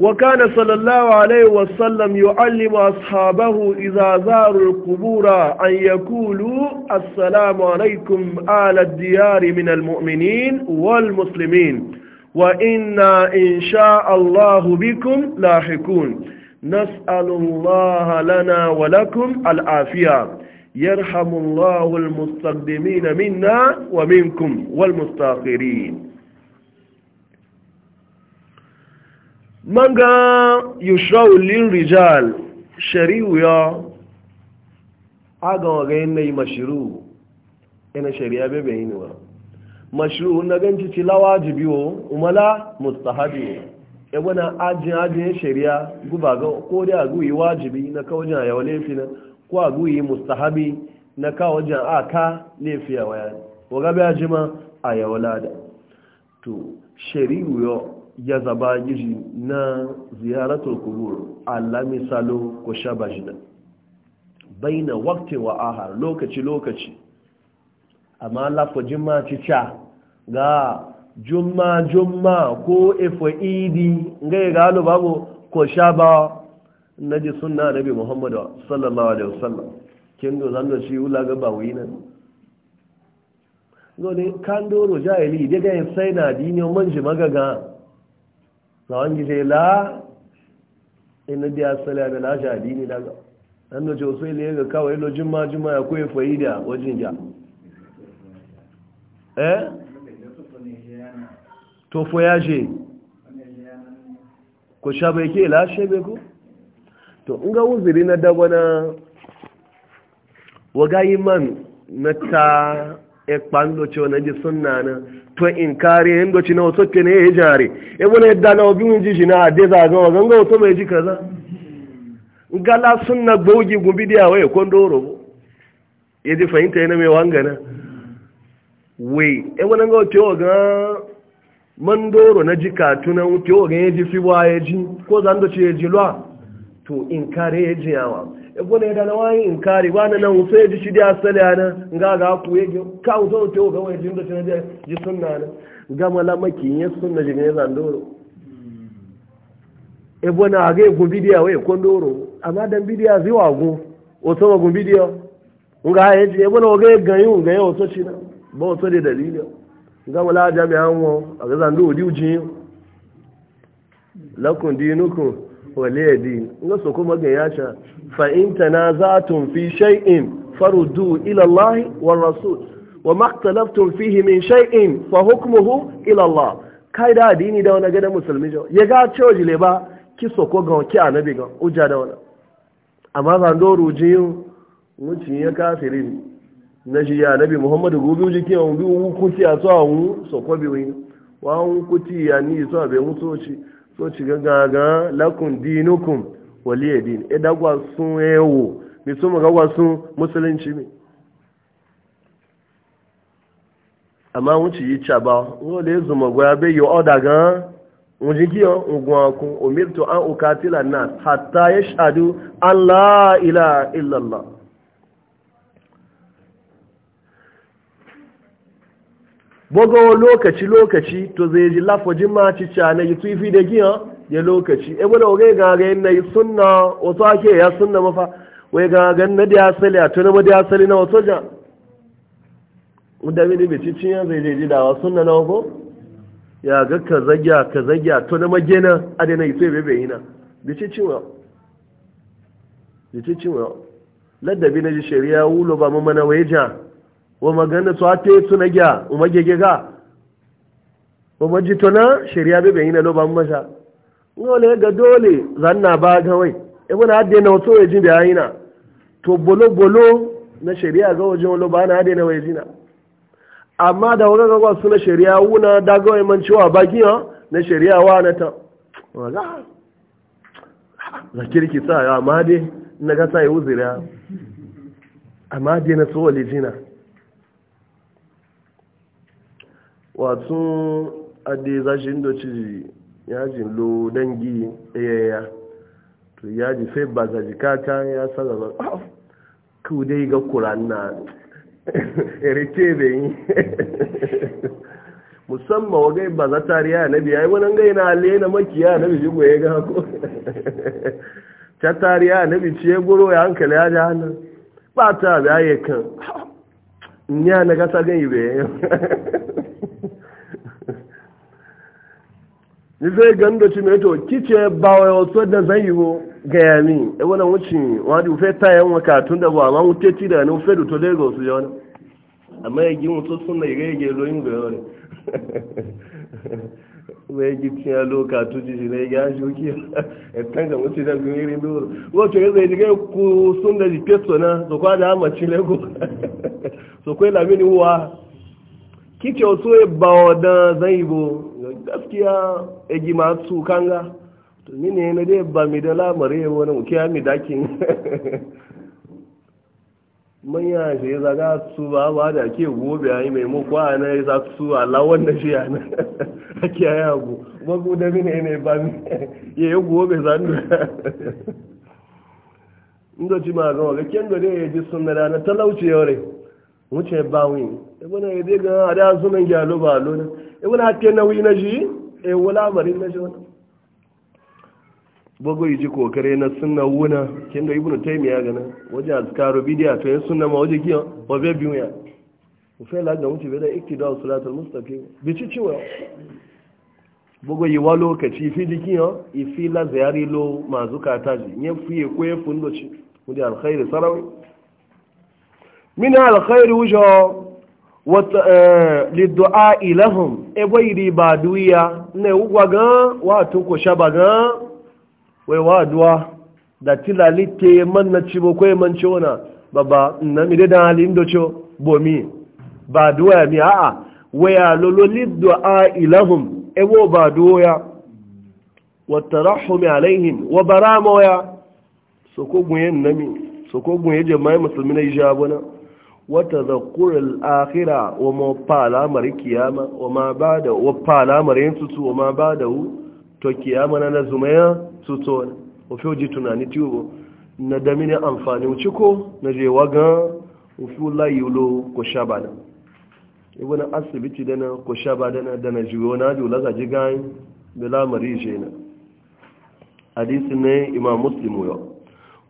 وكان صلى الله عليه وسلم يعلم أصحابه إذا زاروا القبور أن يقولوا السلام عليكم آل الديار من المؤمنين والمسلمين وإنا إن شاء الله بكم لاحقون نسأل الله لنا ولكم العافية يرحم الله المستقدمين منا ومنكم والمستاخرين manga yushra'u lil rijal shari'u ya aga ga yi mashru ina shari'a bebe be yin mashiru na ganci ci lawajibi o umala mustahabi e wana ajin ajin shari'a guba ga kodi da guyi wajibi na kawajin ya wale fi na ko a guyi mustahabi na kawajin a ka lefiya waya wa ga be ajima a ya wala to shari'u ya zaba gishi na ziyaratul kubur alami salo ko shaba jina baina wakti wa aha lokaci lokaci amma lafa jimma ci ga Juma, Juma ko efo idi ngai ga alu babu ko shaba naji sunna nabi muhammad sallallahu alaihi wasallam kin do zan shi ula ga bawai nan gode kan doro jahili daga yin sai na dini man magaga na wangi je la ina da asali da la jadi ne daga dan da jo sai le ga kawai lo juma juma ya koyi faida wajin ja eh to foyaje ko shabe ke la shebe ko to in ga uzuri na dabana wa gayi man na ta ekpan do cho na ji sunna na to in kare in na oso ke ne ya jare e wani yadda e e na obi mun ji shi na ade za ga wagan ga wato mai ji kaza gala sunna gogi gumbi dia waye kon doro ya ji e fahimta yana mai wangana we e wani ga wato ga man doro na jika tuna wato ga ya ji fi wa ji ko zan do ji lwa to in kare ji yawa ebona ya dana wani in ba na nan wuce ya ji shi da asali ana ga ga ku ya ka wuce wuce ga wani jin da na ji sunna na gama malamaki ya sunna jin ya zandoro ebona ga gun bidiya wai kondoro amma dan bidiya zai wago wato ma gun bidiya nga ya ji ebona ga ganyu ga ya wato shi na ba wato da dalili jami'an a ga zandoro diuji waliyadi nga so kuma ga ya sha fa in tanaza'tum fi shay'in faruddu ila Allah war rasul wa ma ikhtalaftum fihi min shay'in fa hukmuhu ila Allah kai da dini da wani ga musulmi jo ya ga coji le ba ki so ko ga ki anabi ga uja da wani amma zan do rujiyu mutum ya kafirin na shi ya anabi muhammadu gobe uji kiyan bi wukuti a tsawo so ko bi wani wa wukuti ya ni so be mutoci so ci gaga lakun dinukum waliye din e dagwa sun ewo mi sun magagwa sun musulunci mi amma wun ci yi caba wọ́n lè zùmọ̀ gbọ́ya bẹ́ yọ ọ́dà gan wọ́n jí kí ọgbọ̀n ọkùn omirto an ukatila nas hatta ya ṣàdú an la ilaha illallah bogo lokaci lokaci to zai ji lafojin ma ci cana yi tufi da giya ya lokaci e wani oge ga ga yin na yi suna wato ake ya suna mafa wai ga ga na da asali a tuna ma da asali na wato ja wanda mini bai ci cinya zai je ji dawa suna na wako ya ga ka zagya ka zagya tuna ma gena adana yi tufi bai yina bai ci cinya bai ci cinya ladabi na ji shari'a wulo ba mu mana wai ja wa magana to ate tuna gya o magege ga o maji tona bai bai yi na ban masha ngole ga dole zanna ba ga wai e bana ade na to yaji da na. to bolo bolo na shari'a ga wajen loba na ade na waje na amma da wani ga suna shari'a wuna da ga wai man cewa baki ha na shari'a wa na ta wala zakir kirki sa ya amma dai na ga ya uzira amma dai na so walijina watsun ade zashin da ya yajin lo dangi yaya to yaji fai ba za jikata ya ba ku dai ga kuran na rike bai yi musamman gai ba za riya na biya wani gai na ale na makiya na biji goye ga ko ta riya na bici ya goro ya hankali ya ji hannun ba ta biya ya kan ya na gasa gan yi bai ni zai gan da ci meto kice ba wa wasu da zai yi ga mi e wani wuce wani fe ta yan waka tun da ba ma wuce ci da ni ufe da to lagos ya wani na ire ege loyin ga wani ba *laughs* ya gi ci ya loka tuji shi ne ya tanga wuce da gumi irin ku sun na so kwa da *laughs* so kike so ebba bawa zai bo gaskiya ya e masu kanga to ni ne na dai ba mi da lamari e wani muke kiya mi dakin *laughs* manya shi ya zaga su ba ba da ke gobe a yi maimako a na ya zaga su ala wanda shi a nan *laughs* a kiyaye abu magu da mini ne ba mi *laughs* ya yi gobe zandu inda ci ma gama ga kyan da ya ji sun na talauci yau rai wuce ba wi ibn e, e dai ga ada zuman ya lo ba lo ibn ake nauyi na ji e wala marin na ji wannan bago yi ji kokare na sunna wuna kin da ibn taymiya ga nan waje azkaru bidiya to yin sunna ma waje kiyo o be biyu ya o fe la ga wuce be da iktida salatul mustaqim bi ci ciwa bago yi wa lokaci fi dikiyo ifi la ziyari lo mazukata ji ne fiye ko ya fundo ci mu da alkhairi sarawi min alkhairu wujo liddu'a'i lahum e bai riba duya ne ugwa ga wa tunko shaba ga wai wa duwa da tilalite man na cibo ko man ciwona baba na mi da halin docho bomi ba duwa mi a'a waya lolo liddu'a'i lahum e ba duya wa ya wata zakurar akira wa da wa fa wa ma ba da hu to kiyama na na zumaya tutu wani wa fi oji tunani na damini amfani wuce na je waga ufi layi ulo ko sha ba da ibina asibiti dana ko sha ba dana da na jiwo na ji ulaza ji gani da lamari je na hadisi ne imam muslimu ya.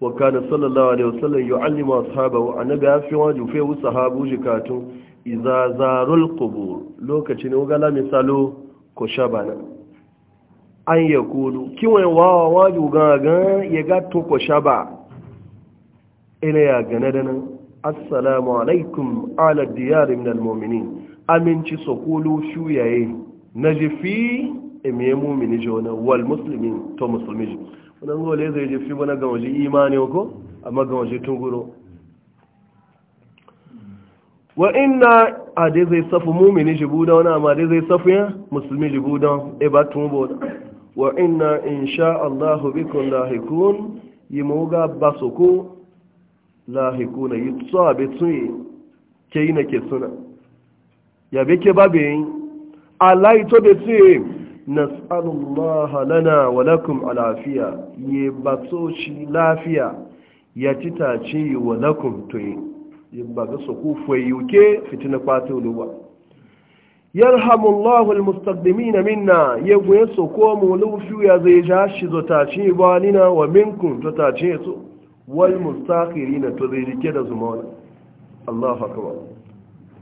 وكان صلى الله عليه وسلم يعلم أصحابه أن بأفي واجه فيه صحابه جكاته إذا زاروا القبور لو كتن وقال مثاله كشابنا أن يقولوا كيوين واوا واجو غاغا يغاتو كشبا كشابا يا يغندنا السلام عليكم على الديار من المؤمنين أمن تسقولوا شو يأيه نجفي إمي مؤمن جونا والمسلمين تو مسلمين sunan gole zai je fi wani gawaji imani ko amma tun tunguro wa ina a dai zai safu mumini jibu da wani amma dai zai safu ya musulmi jibu da e ba tun boda wa in sha Allah bikum lahikun yi muga basoko lahikuna yi tun yi ke yi na ke suna yabe ke babe yin alayi to be yi nas'alullah lana wa lakum alafiya ye batso shi lafiya ya ci ce, wa lakum to ye ba ga so ku fo fitina kwato luwa yarhamullahu almustaqdimin minna ye goye so ko mu lufu ya zai ja shi zo ce ba nina wa minkum to ce so wal mustakhirin to zai jike da zuma Allahu akbar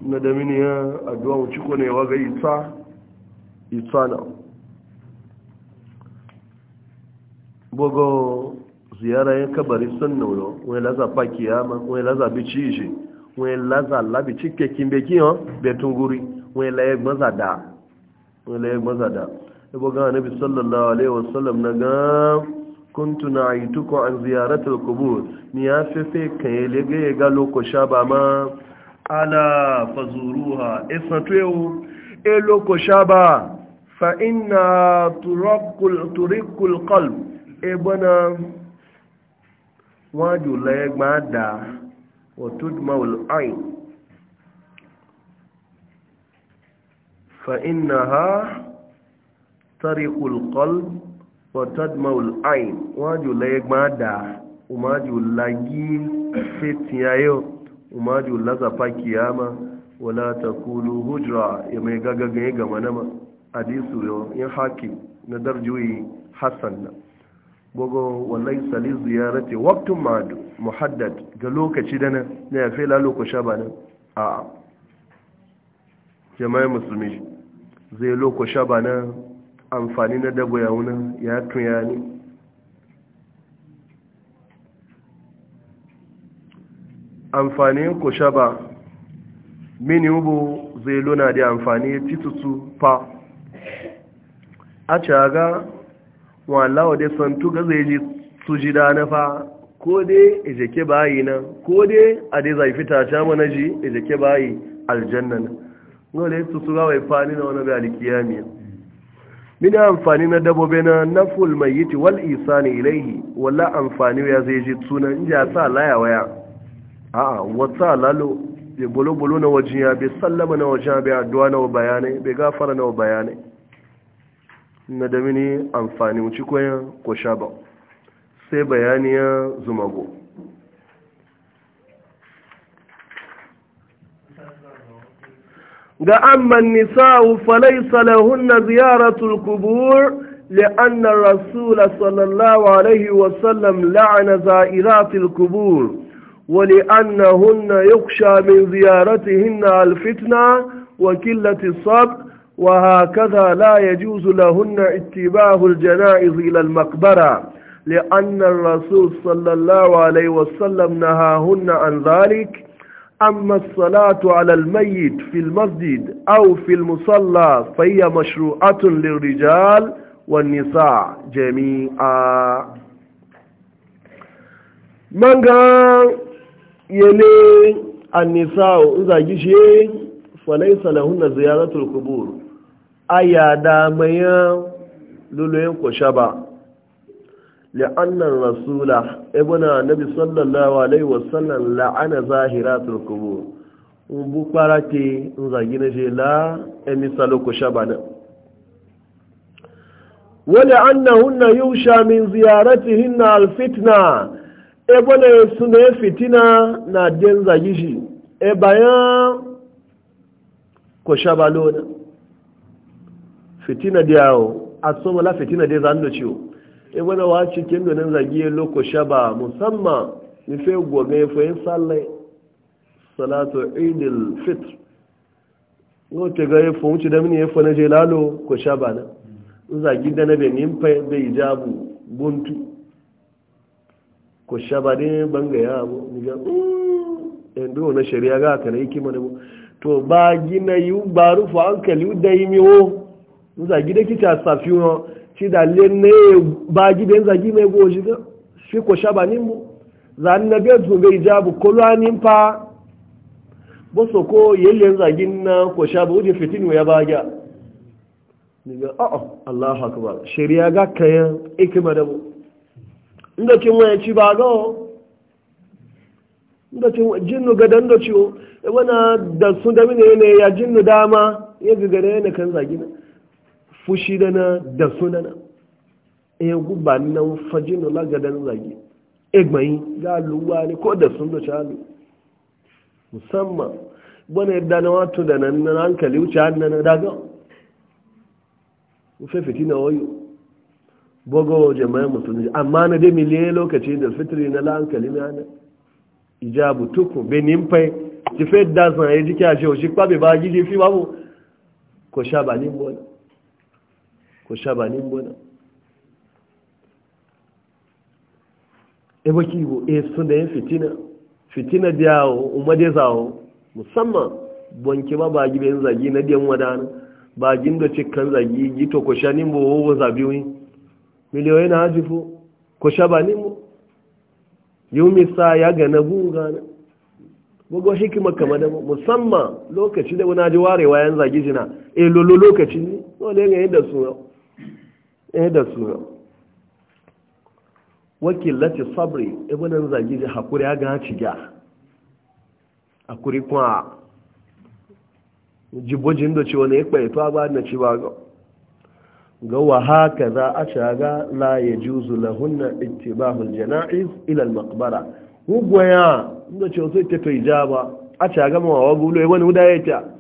na da mini ya addu'a mu ciko ne wa ga Itana. bogo ziyara yin kabari sun nuno wani laza ya ma wani laza bi ishe wani laza labi cike kimbe kiyon betun guri wani laye gbaza da wani laye gbaza da ibo ga nabi sallallahu alaihi wasallam na gan kuntu na aituku an ziyaratar kubur ni ya fefe kan ya lege ya ga lokosha ba ma ala fazuruha esatuewu e lokosha ba fa inna turakul qalb ebona waju le gba da wa tudma al ayn fa innaha tariqu qalb wa tudma al ayn waju le gba da umaju lagi fetiyayo umaju laza pa kiyama wala takulu hujra ya mai gagaga ya gama nama hadisu yau in hakim na darjuyi hassan na bugu wallahi sali ziyarati waktun muhaddad ga lokaci da nan na ya fela lokacin ba nan a jama'in musulmi zai lokacin ba nan amfani na dabo ya wuna ya tunya ne amfanin kusha ba mini ubu zai luna da amfani titutu fa a caga wallawa dai santu ga zai ji su ji da na fa ko dai ejeke bayi na ko dai a dai zai fita ta mana ji ejeke bayi aljanna na dai su su wai fani na wani bai kiyami min amfani na dabobe na naful mayyit wal isani ilaihi walla amfani ya zai ji tunan in ja sa laya waya a'a wata lalo bi bolo bolo na wajiya bi sallama na wajiya bi addu'a na bayanai bi gafara na bayanai na da mini amfani wuce kwayan ko sha ba sai bayani ya zumago ga amman nisa'u falaisa lahunna ziyaratul kubur لأن الرسول صلى الله عليه وسلم لعن زائرات القبور ولأنهن يخشى من زيارتهن الفتنة وكلة الصبر وهكذا لا يجوز لهن اتباع الجنائز إلى المقبرة لأن الرسول صلى الله عليه وسلم نهاهن عن ذلك أما الصلاة على الميت في المسجد أو في المصلى فهي مشروعة للرجال والنساء جميعا من يلي النساء إذا جيشين فليس لهن زيارة القبور aya damayan luluyin kusha ba li'annan rasula ibuna nabi sallallahu alaihi wasallam la'ana zahiratul kubur in bukwara ke in zagi na je la emisalo kusha ba nan wani annahunna yusha min ziyaratihinna alfitna ebole suna ya fitina na den zagi shi e bayan kusha ba lona fitina da yawo a soma la fitina da zan da ciwo e wani wa cikin da nan zagiye loko shaba musamman ni fe goga ya fe sallai salatu idil fitr no te ga ya fon ci da mini ya fa na je lalo ko shaba na zagi da na be min bai be ijabu buntu ko shaba ne banga ya abu ni ga mm, endo na shari'a ga kana hikima da to ba gina yu barufu hankali da yi miwo nzagi da kita safi wọn ti da le ne ba gibe nzagi mai goji da fi ko ba ni mu za na be tun jabu ijabu kolo fa pa bo so ko yele nzagi na ko shaba wuje fitini ya ba ga ni ga a ah, a ah, Allahu akbar shari'a ga kayan ikima e da mu inda kin waya ci ba ga inda kin jinnu ga dan da ciwo e wana da sun da mine ne ya jinnu dama ya gigare ne kan zagi na fushi dana da sunana e eh, guba nan fajin la gadan zagi egbayin eh, ga luwa ne ko da sun doce halu musamman bane yadda na wato da nan nan hankali wuce hannu na daga ufe fitina wayo bogo jama'in musulmi amma na dai miliyan lokaci da fitri na hankali na hana ijabu tukun benin fai ti fai da zan yi jiki a shi o shi kwabe ba gidi fi babu ko sha ba ni bola ko shabanin bona ebe kiwo e da yin fitina fitina biya umade zawo musamman bonke ba ba gibe yin zagi na diyan wadana ba gin da cikin zagi yi to ko sha nimbo wo zabi wi miliyoyi na hajifu ko sha mu nimbo yau misa ya gana na gunga na hikima kama da musamman lokaci da wani ji warewa yan zagi jina e lolo lokaci ne dole yin da su eh da su wakil lati sabri ibinan zagi da hakuri ya gana ciga a kuri kuma jibojin da cewa ne ya kwaito ba na ci ba ga ga wa haka za a shaga la ya juzu lahunna ittibahul jana'iz ilal makbara maqbara ugwaya inda cewa sai ta kai ja ba a shaga mawa wa bulo wani huda ya ta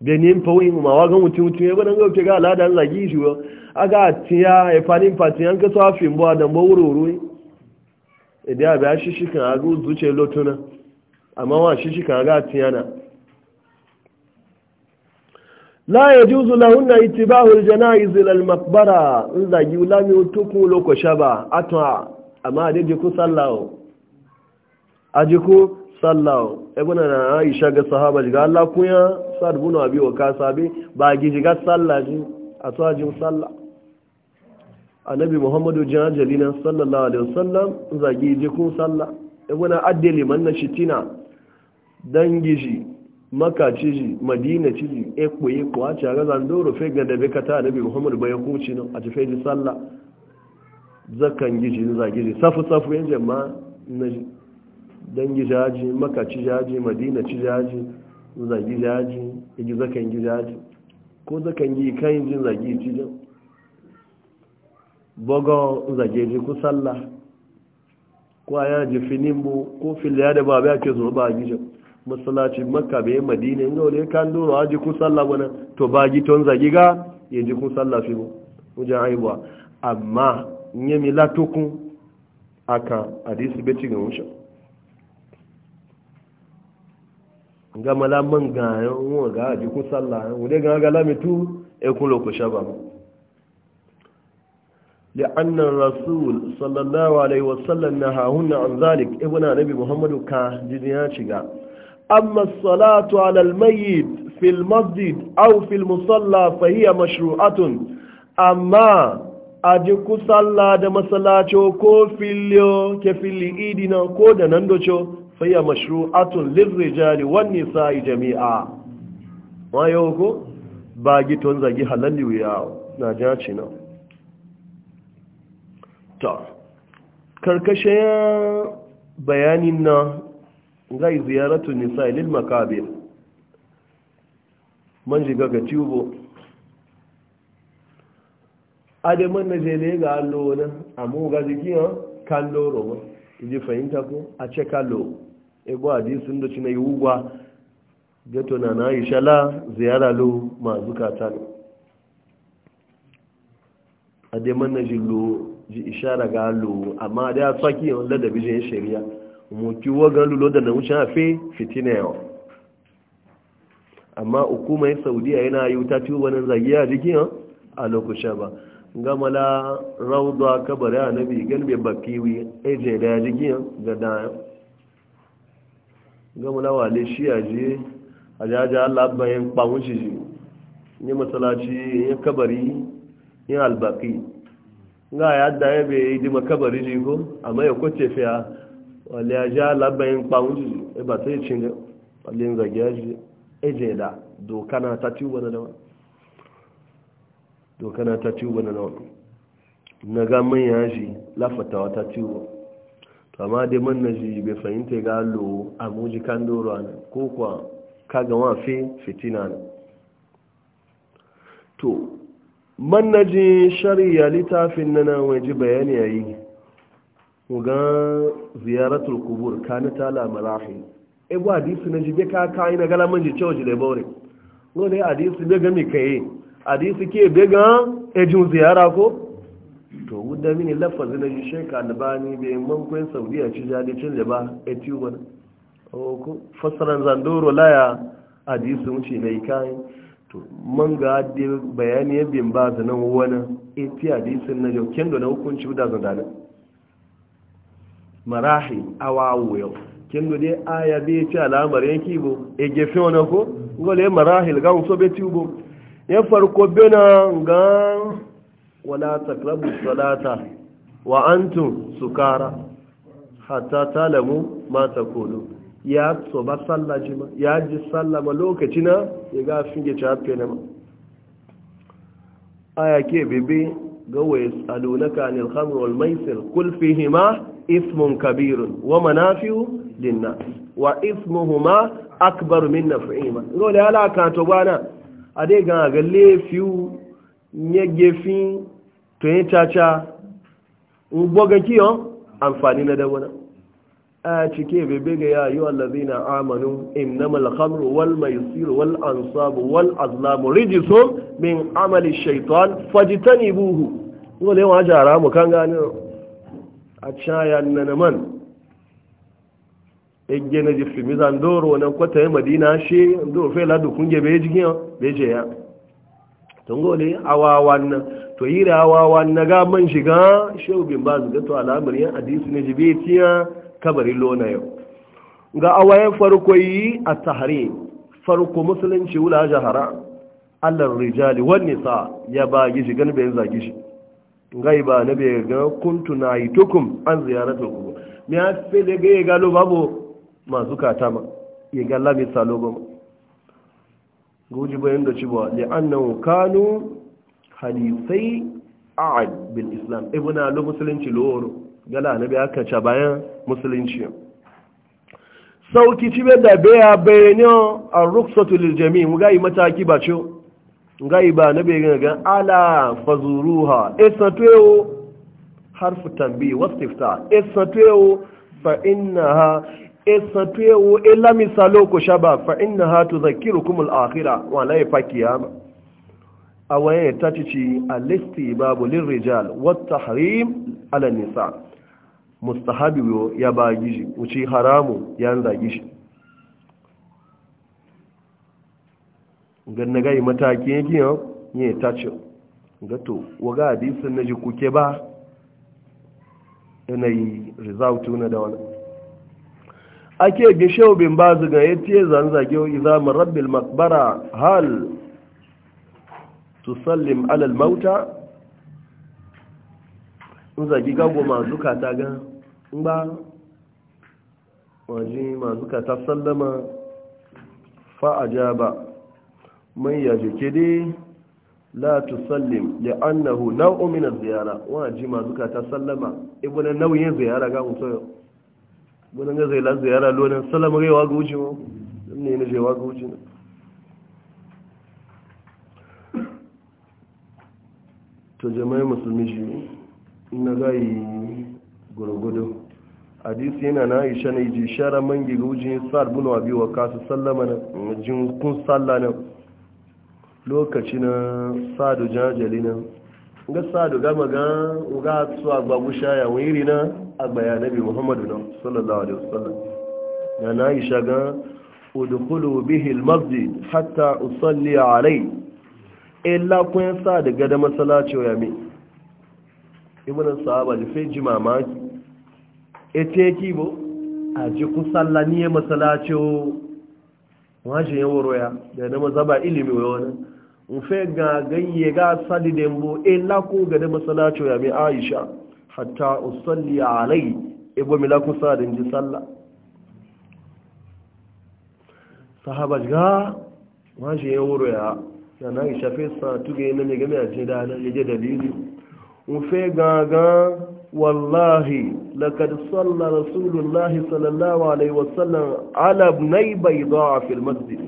benin fawin umawa gan mutum mutum ya gwanan gauke ga al'adar zagi shi wa ga tiya ya fanin fati ka so afin bo adam wuri-wuri idan abi biya shishikan a ga zuce e lotuna amma wa shishikan a ga tiya na la yajuzu lahunna ittibahu aljanayiz ila makbara in zagi ulami utukun loko shaba atwa amma dai ku sallawo ajiku sallahu ebuna na aisha ga sahaba jiga Allah kuya sad bunu abi wa kasabe ba giji ga sallaji a to ajin sallah annabi muhammadu jajalina sallallahu alaihi wasallam zagi ji kun sallah ebuna addeli man na shitina dan giji maka ciji madina ciji koyi ko a zan doro fe ga be kata annabi muhammadu bayan kuci no a tafe ji sallah zakan giji zagi safu safu yan jama'a na dangi jaji makaci jaji madina ci jaji zagi jaji igi zakan gi jaji ko zakan gi kan jin zagi ci jan bogo zage ji ku sallah ko aya ji finimbo ko filiya da babu ake zo ba gi jan masallaci makka bai madina inda wale kan doro aji ku sallah bana to ba gi ton zagi ga ya ji ku sallah fi mu wajen aibuwa amma nyemi latukun aka hadisi bai ci ga wucin nga mala man ga won ga ji ku sallah wo de ga ga lamitu e ku loko shaba li anna rasul sallallahu alaihi naha nahahunna an zalik ibn e nabi muhammadu ka jiniya shiga amma salatu ala al mayyit fi al masjid aw fi al musalla fa hiya mashru'atun amma aji ku sallah da masallaci ko ke fili idina ko da nan daco. fayya mashru'atun lirrijali wan nisa'i jami'a wa yau ko ba giton zagi halalli wuya na jaci na ta karkashin bayanin na gai ziyaratun nisa'i lil makabir man shiga ga tubo adaman na jele ga allo na amma ga zikin kan loro ba iji fahimta ko a ce k'an loro. ebo hadisin da shi na yi wugwa na na yi shala ziyara lo ma zukata ne na ji lo ji ishara ga lo amma da ya tsaki yawan ladabi jin shari'a moki wagan lulo da na wuce hafe fitina yawon amma hukumar saudiya yana yi wuta tuyo wani zagiya jikin a lokacin ba gamala rauda kabari a nabi gan bakiwi ejiyar da ya jikin ga dayan gama lawa ne shi a je a jaja Allah bayan kpawun shi ji ne masalaci ya kabari ya albaki nga ya da ya bai di makabari ji ko amma ya kwace fiya wale ya ja Allah bayan kpawun shi ji e ba sai cin ga wale yin zage ya ji eje da doka na ta ciwo na dawa doka na ta wani na dawa na ga manya shi lafatawa ta ciwo kama dai man na ji bai fahimta ga allo a muji kan doro ne ko kuwa gama fi fitina na to man na ji shari'a littafin nana ji bayani a yi ga ziyaratul kubur kana tala malahi ebu hadisi na ji bai ka kayi na gala manji cewa da baure wani hadisi bai ga mi kaye hadisi ke bai ga ejin ziyara ko to wuda mini lafazi na ji sheka ni bai mankwai saudiya ci jadicin da ba a tuban fasaran zandoro laya a ji sun ce mai kayan to man ga adi bayani ya bin ba zanen wani eti a ji sun na jokin da na hukunci wuda zandana marahi awawo yau kin do dai aya bi ci alamar yanki bo e gefe wani ko ngole marahil ga so be tubo ya farko bena ngan wala taqrabu salata wa antum sukara hatta talamu ma takulu ya tsoba sallaji ma ya ji sallama lokaci na ya ga finge chafe na ma aya ke bebe ga wa yasalunaka anil khamr wal maisir kul fihima ismun kabirun wa manafi'u linnas wa ismuhuma akbar min naf'ihima ngole ala to bana ade ga ga lefiu nyege gefi to yin caca ugboga yon amfani na dabana a cike bebe ga ya yi wallazi na amanu innamal khamru wal maisiru wal ansabu wal azlamu rijiso min amali shaitan fajitani buhu wale wa jara mu kan gani a na nanaman egge na jifimi doro na kwata yi madina shi doro fela dukun gebe jikin beje ya tangole awawan nan to yi da awawan na gaban shiga shehu ba su gato al'amarin hadisi na jibetiya kabarin lona yau ga awayen farko yi a tahari farko musulunci wula jahara allar rijali wani sa ya ba gishi gani bayan zagi shi gai ba na bayan ga kuntu na yi tukum an ziyarar tukum ya fi da ga ya galo babu masu katama ya galla mai salo goma goji bayan da cewa li'annan kanu hadisai a'ad bil islam na lu musulunci loro gala na biya ca bayan musulunci sauki ci bai da biya bayanin a ruksatu lil jami mu ga yi mataki ba ce ga yi ba na bayan gan ala fazuruha esatuyo harfu tambi wasu tifta esatuyo fa ha! esatuye wo ha salo ko shaba fa innaha tudhakkirukum al-akhirah wa la yafkiyama awaye tatici al-istibab lirrijal wat-tahrim ala nisa mustahabi yo ya ba gishi uci haramu ya zagi gishi ganna gai mataki yake yo ne tace gato waga hadisin naji kuke ba yanayi result na da wannan ake gishe bin ba zuga ya ce zanzage izamin rabbil makbara hal tusallim alal mauta in zagi gago masu kata ga ba waje masu kata sallama fa'aja ba mai yaje dai la tusallim da annahu nau'umin ziyara waje masu kata sallama ibunan nauyin ziyara ga mutu wani ga zai lazu yara lonin salam wa ga wuce ma ne na jewa ga wuce to jama'i musulmi shi na yi gurgudu hadisi yana na aisha na iji shara mangi ga wuce sa'ad bin abi wa kasu sallama na jin kun salla na lokaci na sa'adu jajali na ga da gama ga ga su agba gusha ya wiri na agba ya nabi muhammadu na sallallahu alaihi wasallam ya na isha ga udkhulu bihi almasjid hatta usalli alai illa e kun sa daga da masallaci ya mi ibn e sahaba da fe ji mamaki ete bo a ji ku sallani masallaci waje ya woro ya da na mazaba ilimi wa wani nfe ga gayye ga sadi dembo e lako ga da masalacho ya mai aisha hatta usalli alai e bo mi lako sadin ji sallah sahaba ga ma je yoro ya ya na aisha fe sa tuge na ne game a je da na je dalili nfe ga ga wallahi laqad salla rasulullahi sallallahu alaihi wasallam ala ibn bayda fil masjid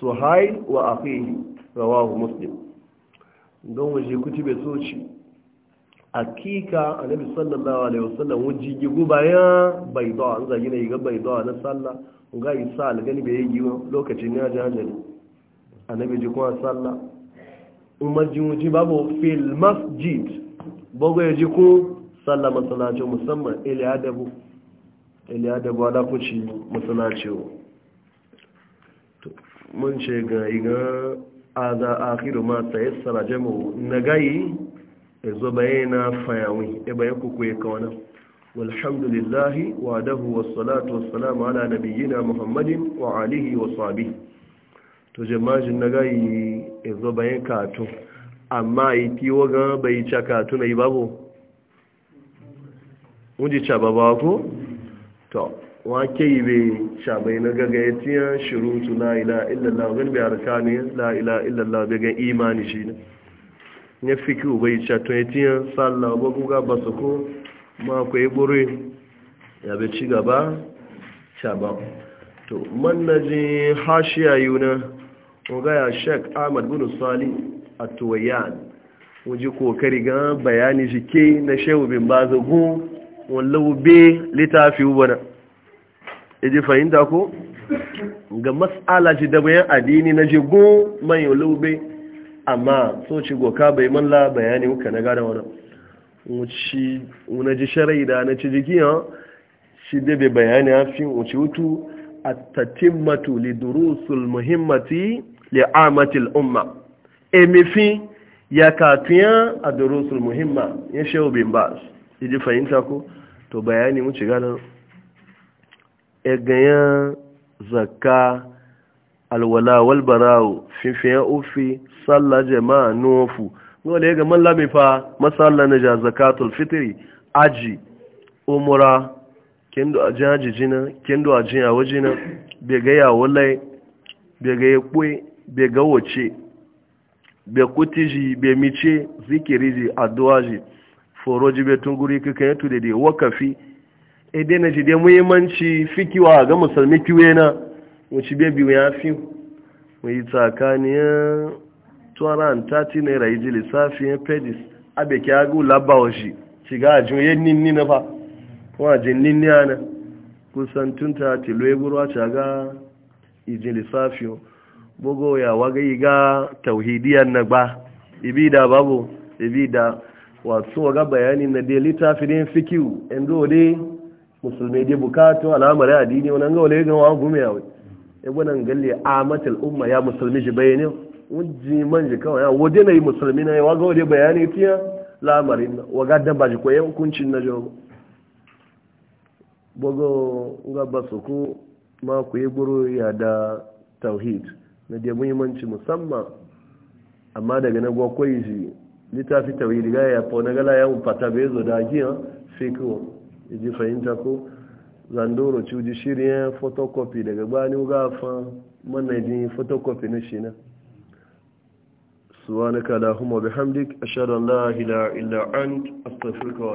suhail wa akhihi rawahu muslim don waje bai so ci akika annabi sallallahu alaihi wasallam waje gigu bai da an zagi ne ga da na sallah ga isa algani bai yi lokacin ya ji hajjali annabi ji kuma sallah umar ji wuji babu fil masjid bogo ya ji ku sallah masallaci musamman iliyadabu adabu ala kuci masallaci mun ce ga iga Ada akiru ma ya tsara jamu na gayi ya zo bayana fayawi ya bayan kuku ya kawana walhamdulillahi wa dahu wassalatu wassalamu ala nabiyina muhammadin wa alihi wa sabi to jama'ajin na gayi ya zo bayan katu amma iti kiwo ga bai ca katu na yi babu wuji ca babawa to wake yi bai shabai na gaga ya tiya shirutu la ila illallah gani bai harka ne la ila illallah bai gan imani shi ne ya fi ki yi chato ya tiya sallah ba guga ba su ko ma ku yi bure ya bai ci gaba shaba to man na ji hashiya yi na ga ya shek ahmad bin sali a tuwayan wuji kokari ga bayani shi ke na shehu bin bazagun wallau be littafi wani Iji fahimta ko ga matsala ji da bayan addini na ji go man yolube amma so ci goka bai man la bayani muka na gada wani wuci na ji sharai da na ci jiki shi da bai bayani a fi wuci wutu a li durusul muhimmati li amatil umma emifi ya katuya a durusul muhimma ya shehu bin ba ji fahimta ko to bayani mu ci gada egayen zaka alwala walbarawo fifiyan ufi sallah jama'a nufu wanda ya ga man lamifa masalla na ja zakatul fitiri aji umura kendo aji jin haji jina kendo a jin jina bai ga yawo lai bai ga ya kwe bai ga wace bai kuti bai mice zikiri ji addu'a ji foro ji bai tunguri kika ya tude wakafi ɗaya na jide muhimmanci fikiwa ga musulmi kiwe na wuce bebi ya fi mai tsakaniyar 230 naira yi jili lissafi ya pedis abe ki agu labawa shi shiga a jin yin ninni na fa kuma jin ninni ana kusan tun ta tilo ya buru a ga ijin lissafi bugo ya waga yi ga tauhidiyar na ba ibi da babu ibi da wasu waga bayani na dai littafin fikiu endo dai musulmi dai bukatu al'amari addini wannan ga wale gawa gume yawe e wannan galle amatul umma ya musulmi ji bayani wujji man ji kawai ya wode na yi musulmi na yawa ga wale bayani tiya lamarin na waga dan ba ji koyi hukuncin na jawo bogo ga basu ku ma ku yi guru ya da tauhid na da muhimmanci musamman amma daga na gwakwai ji littafi tauhid ga ya fa na gala ya fata bai zo da giya sai kawai iji fahimta ko zandoro ci ji shirya photocopy daga gbani gafa manajin photocopy na shi na suwa na kada huma bihamdik ashadon la ila ila an astafirka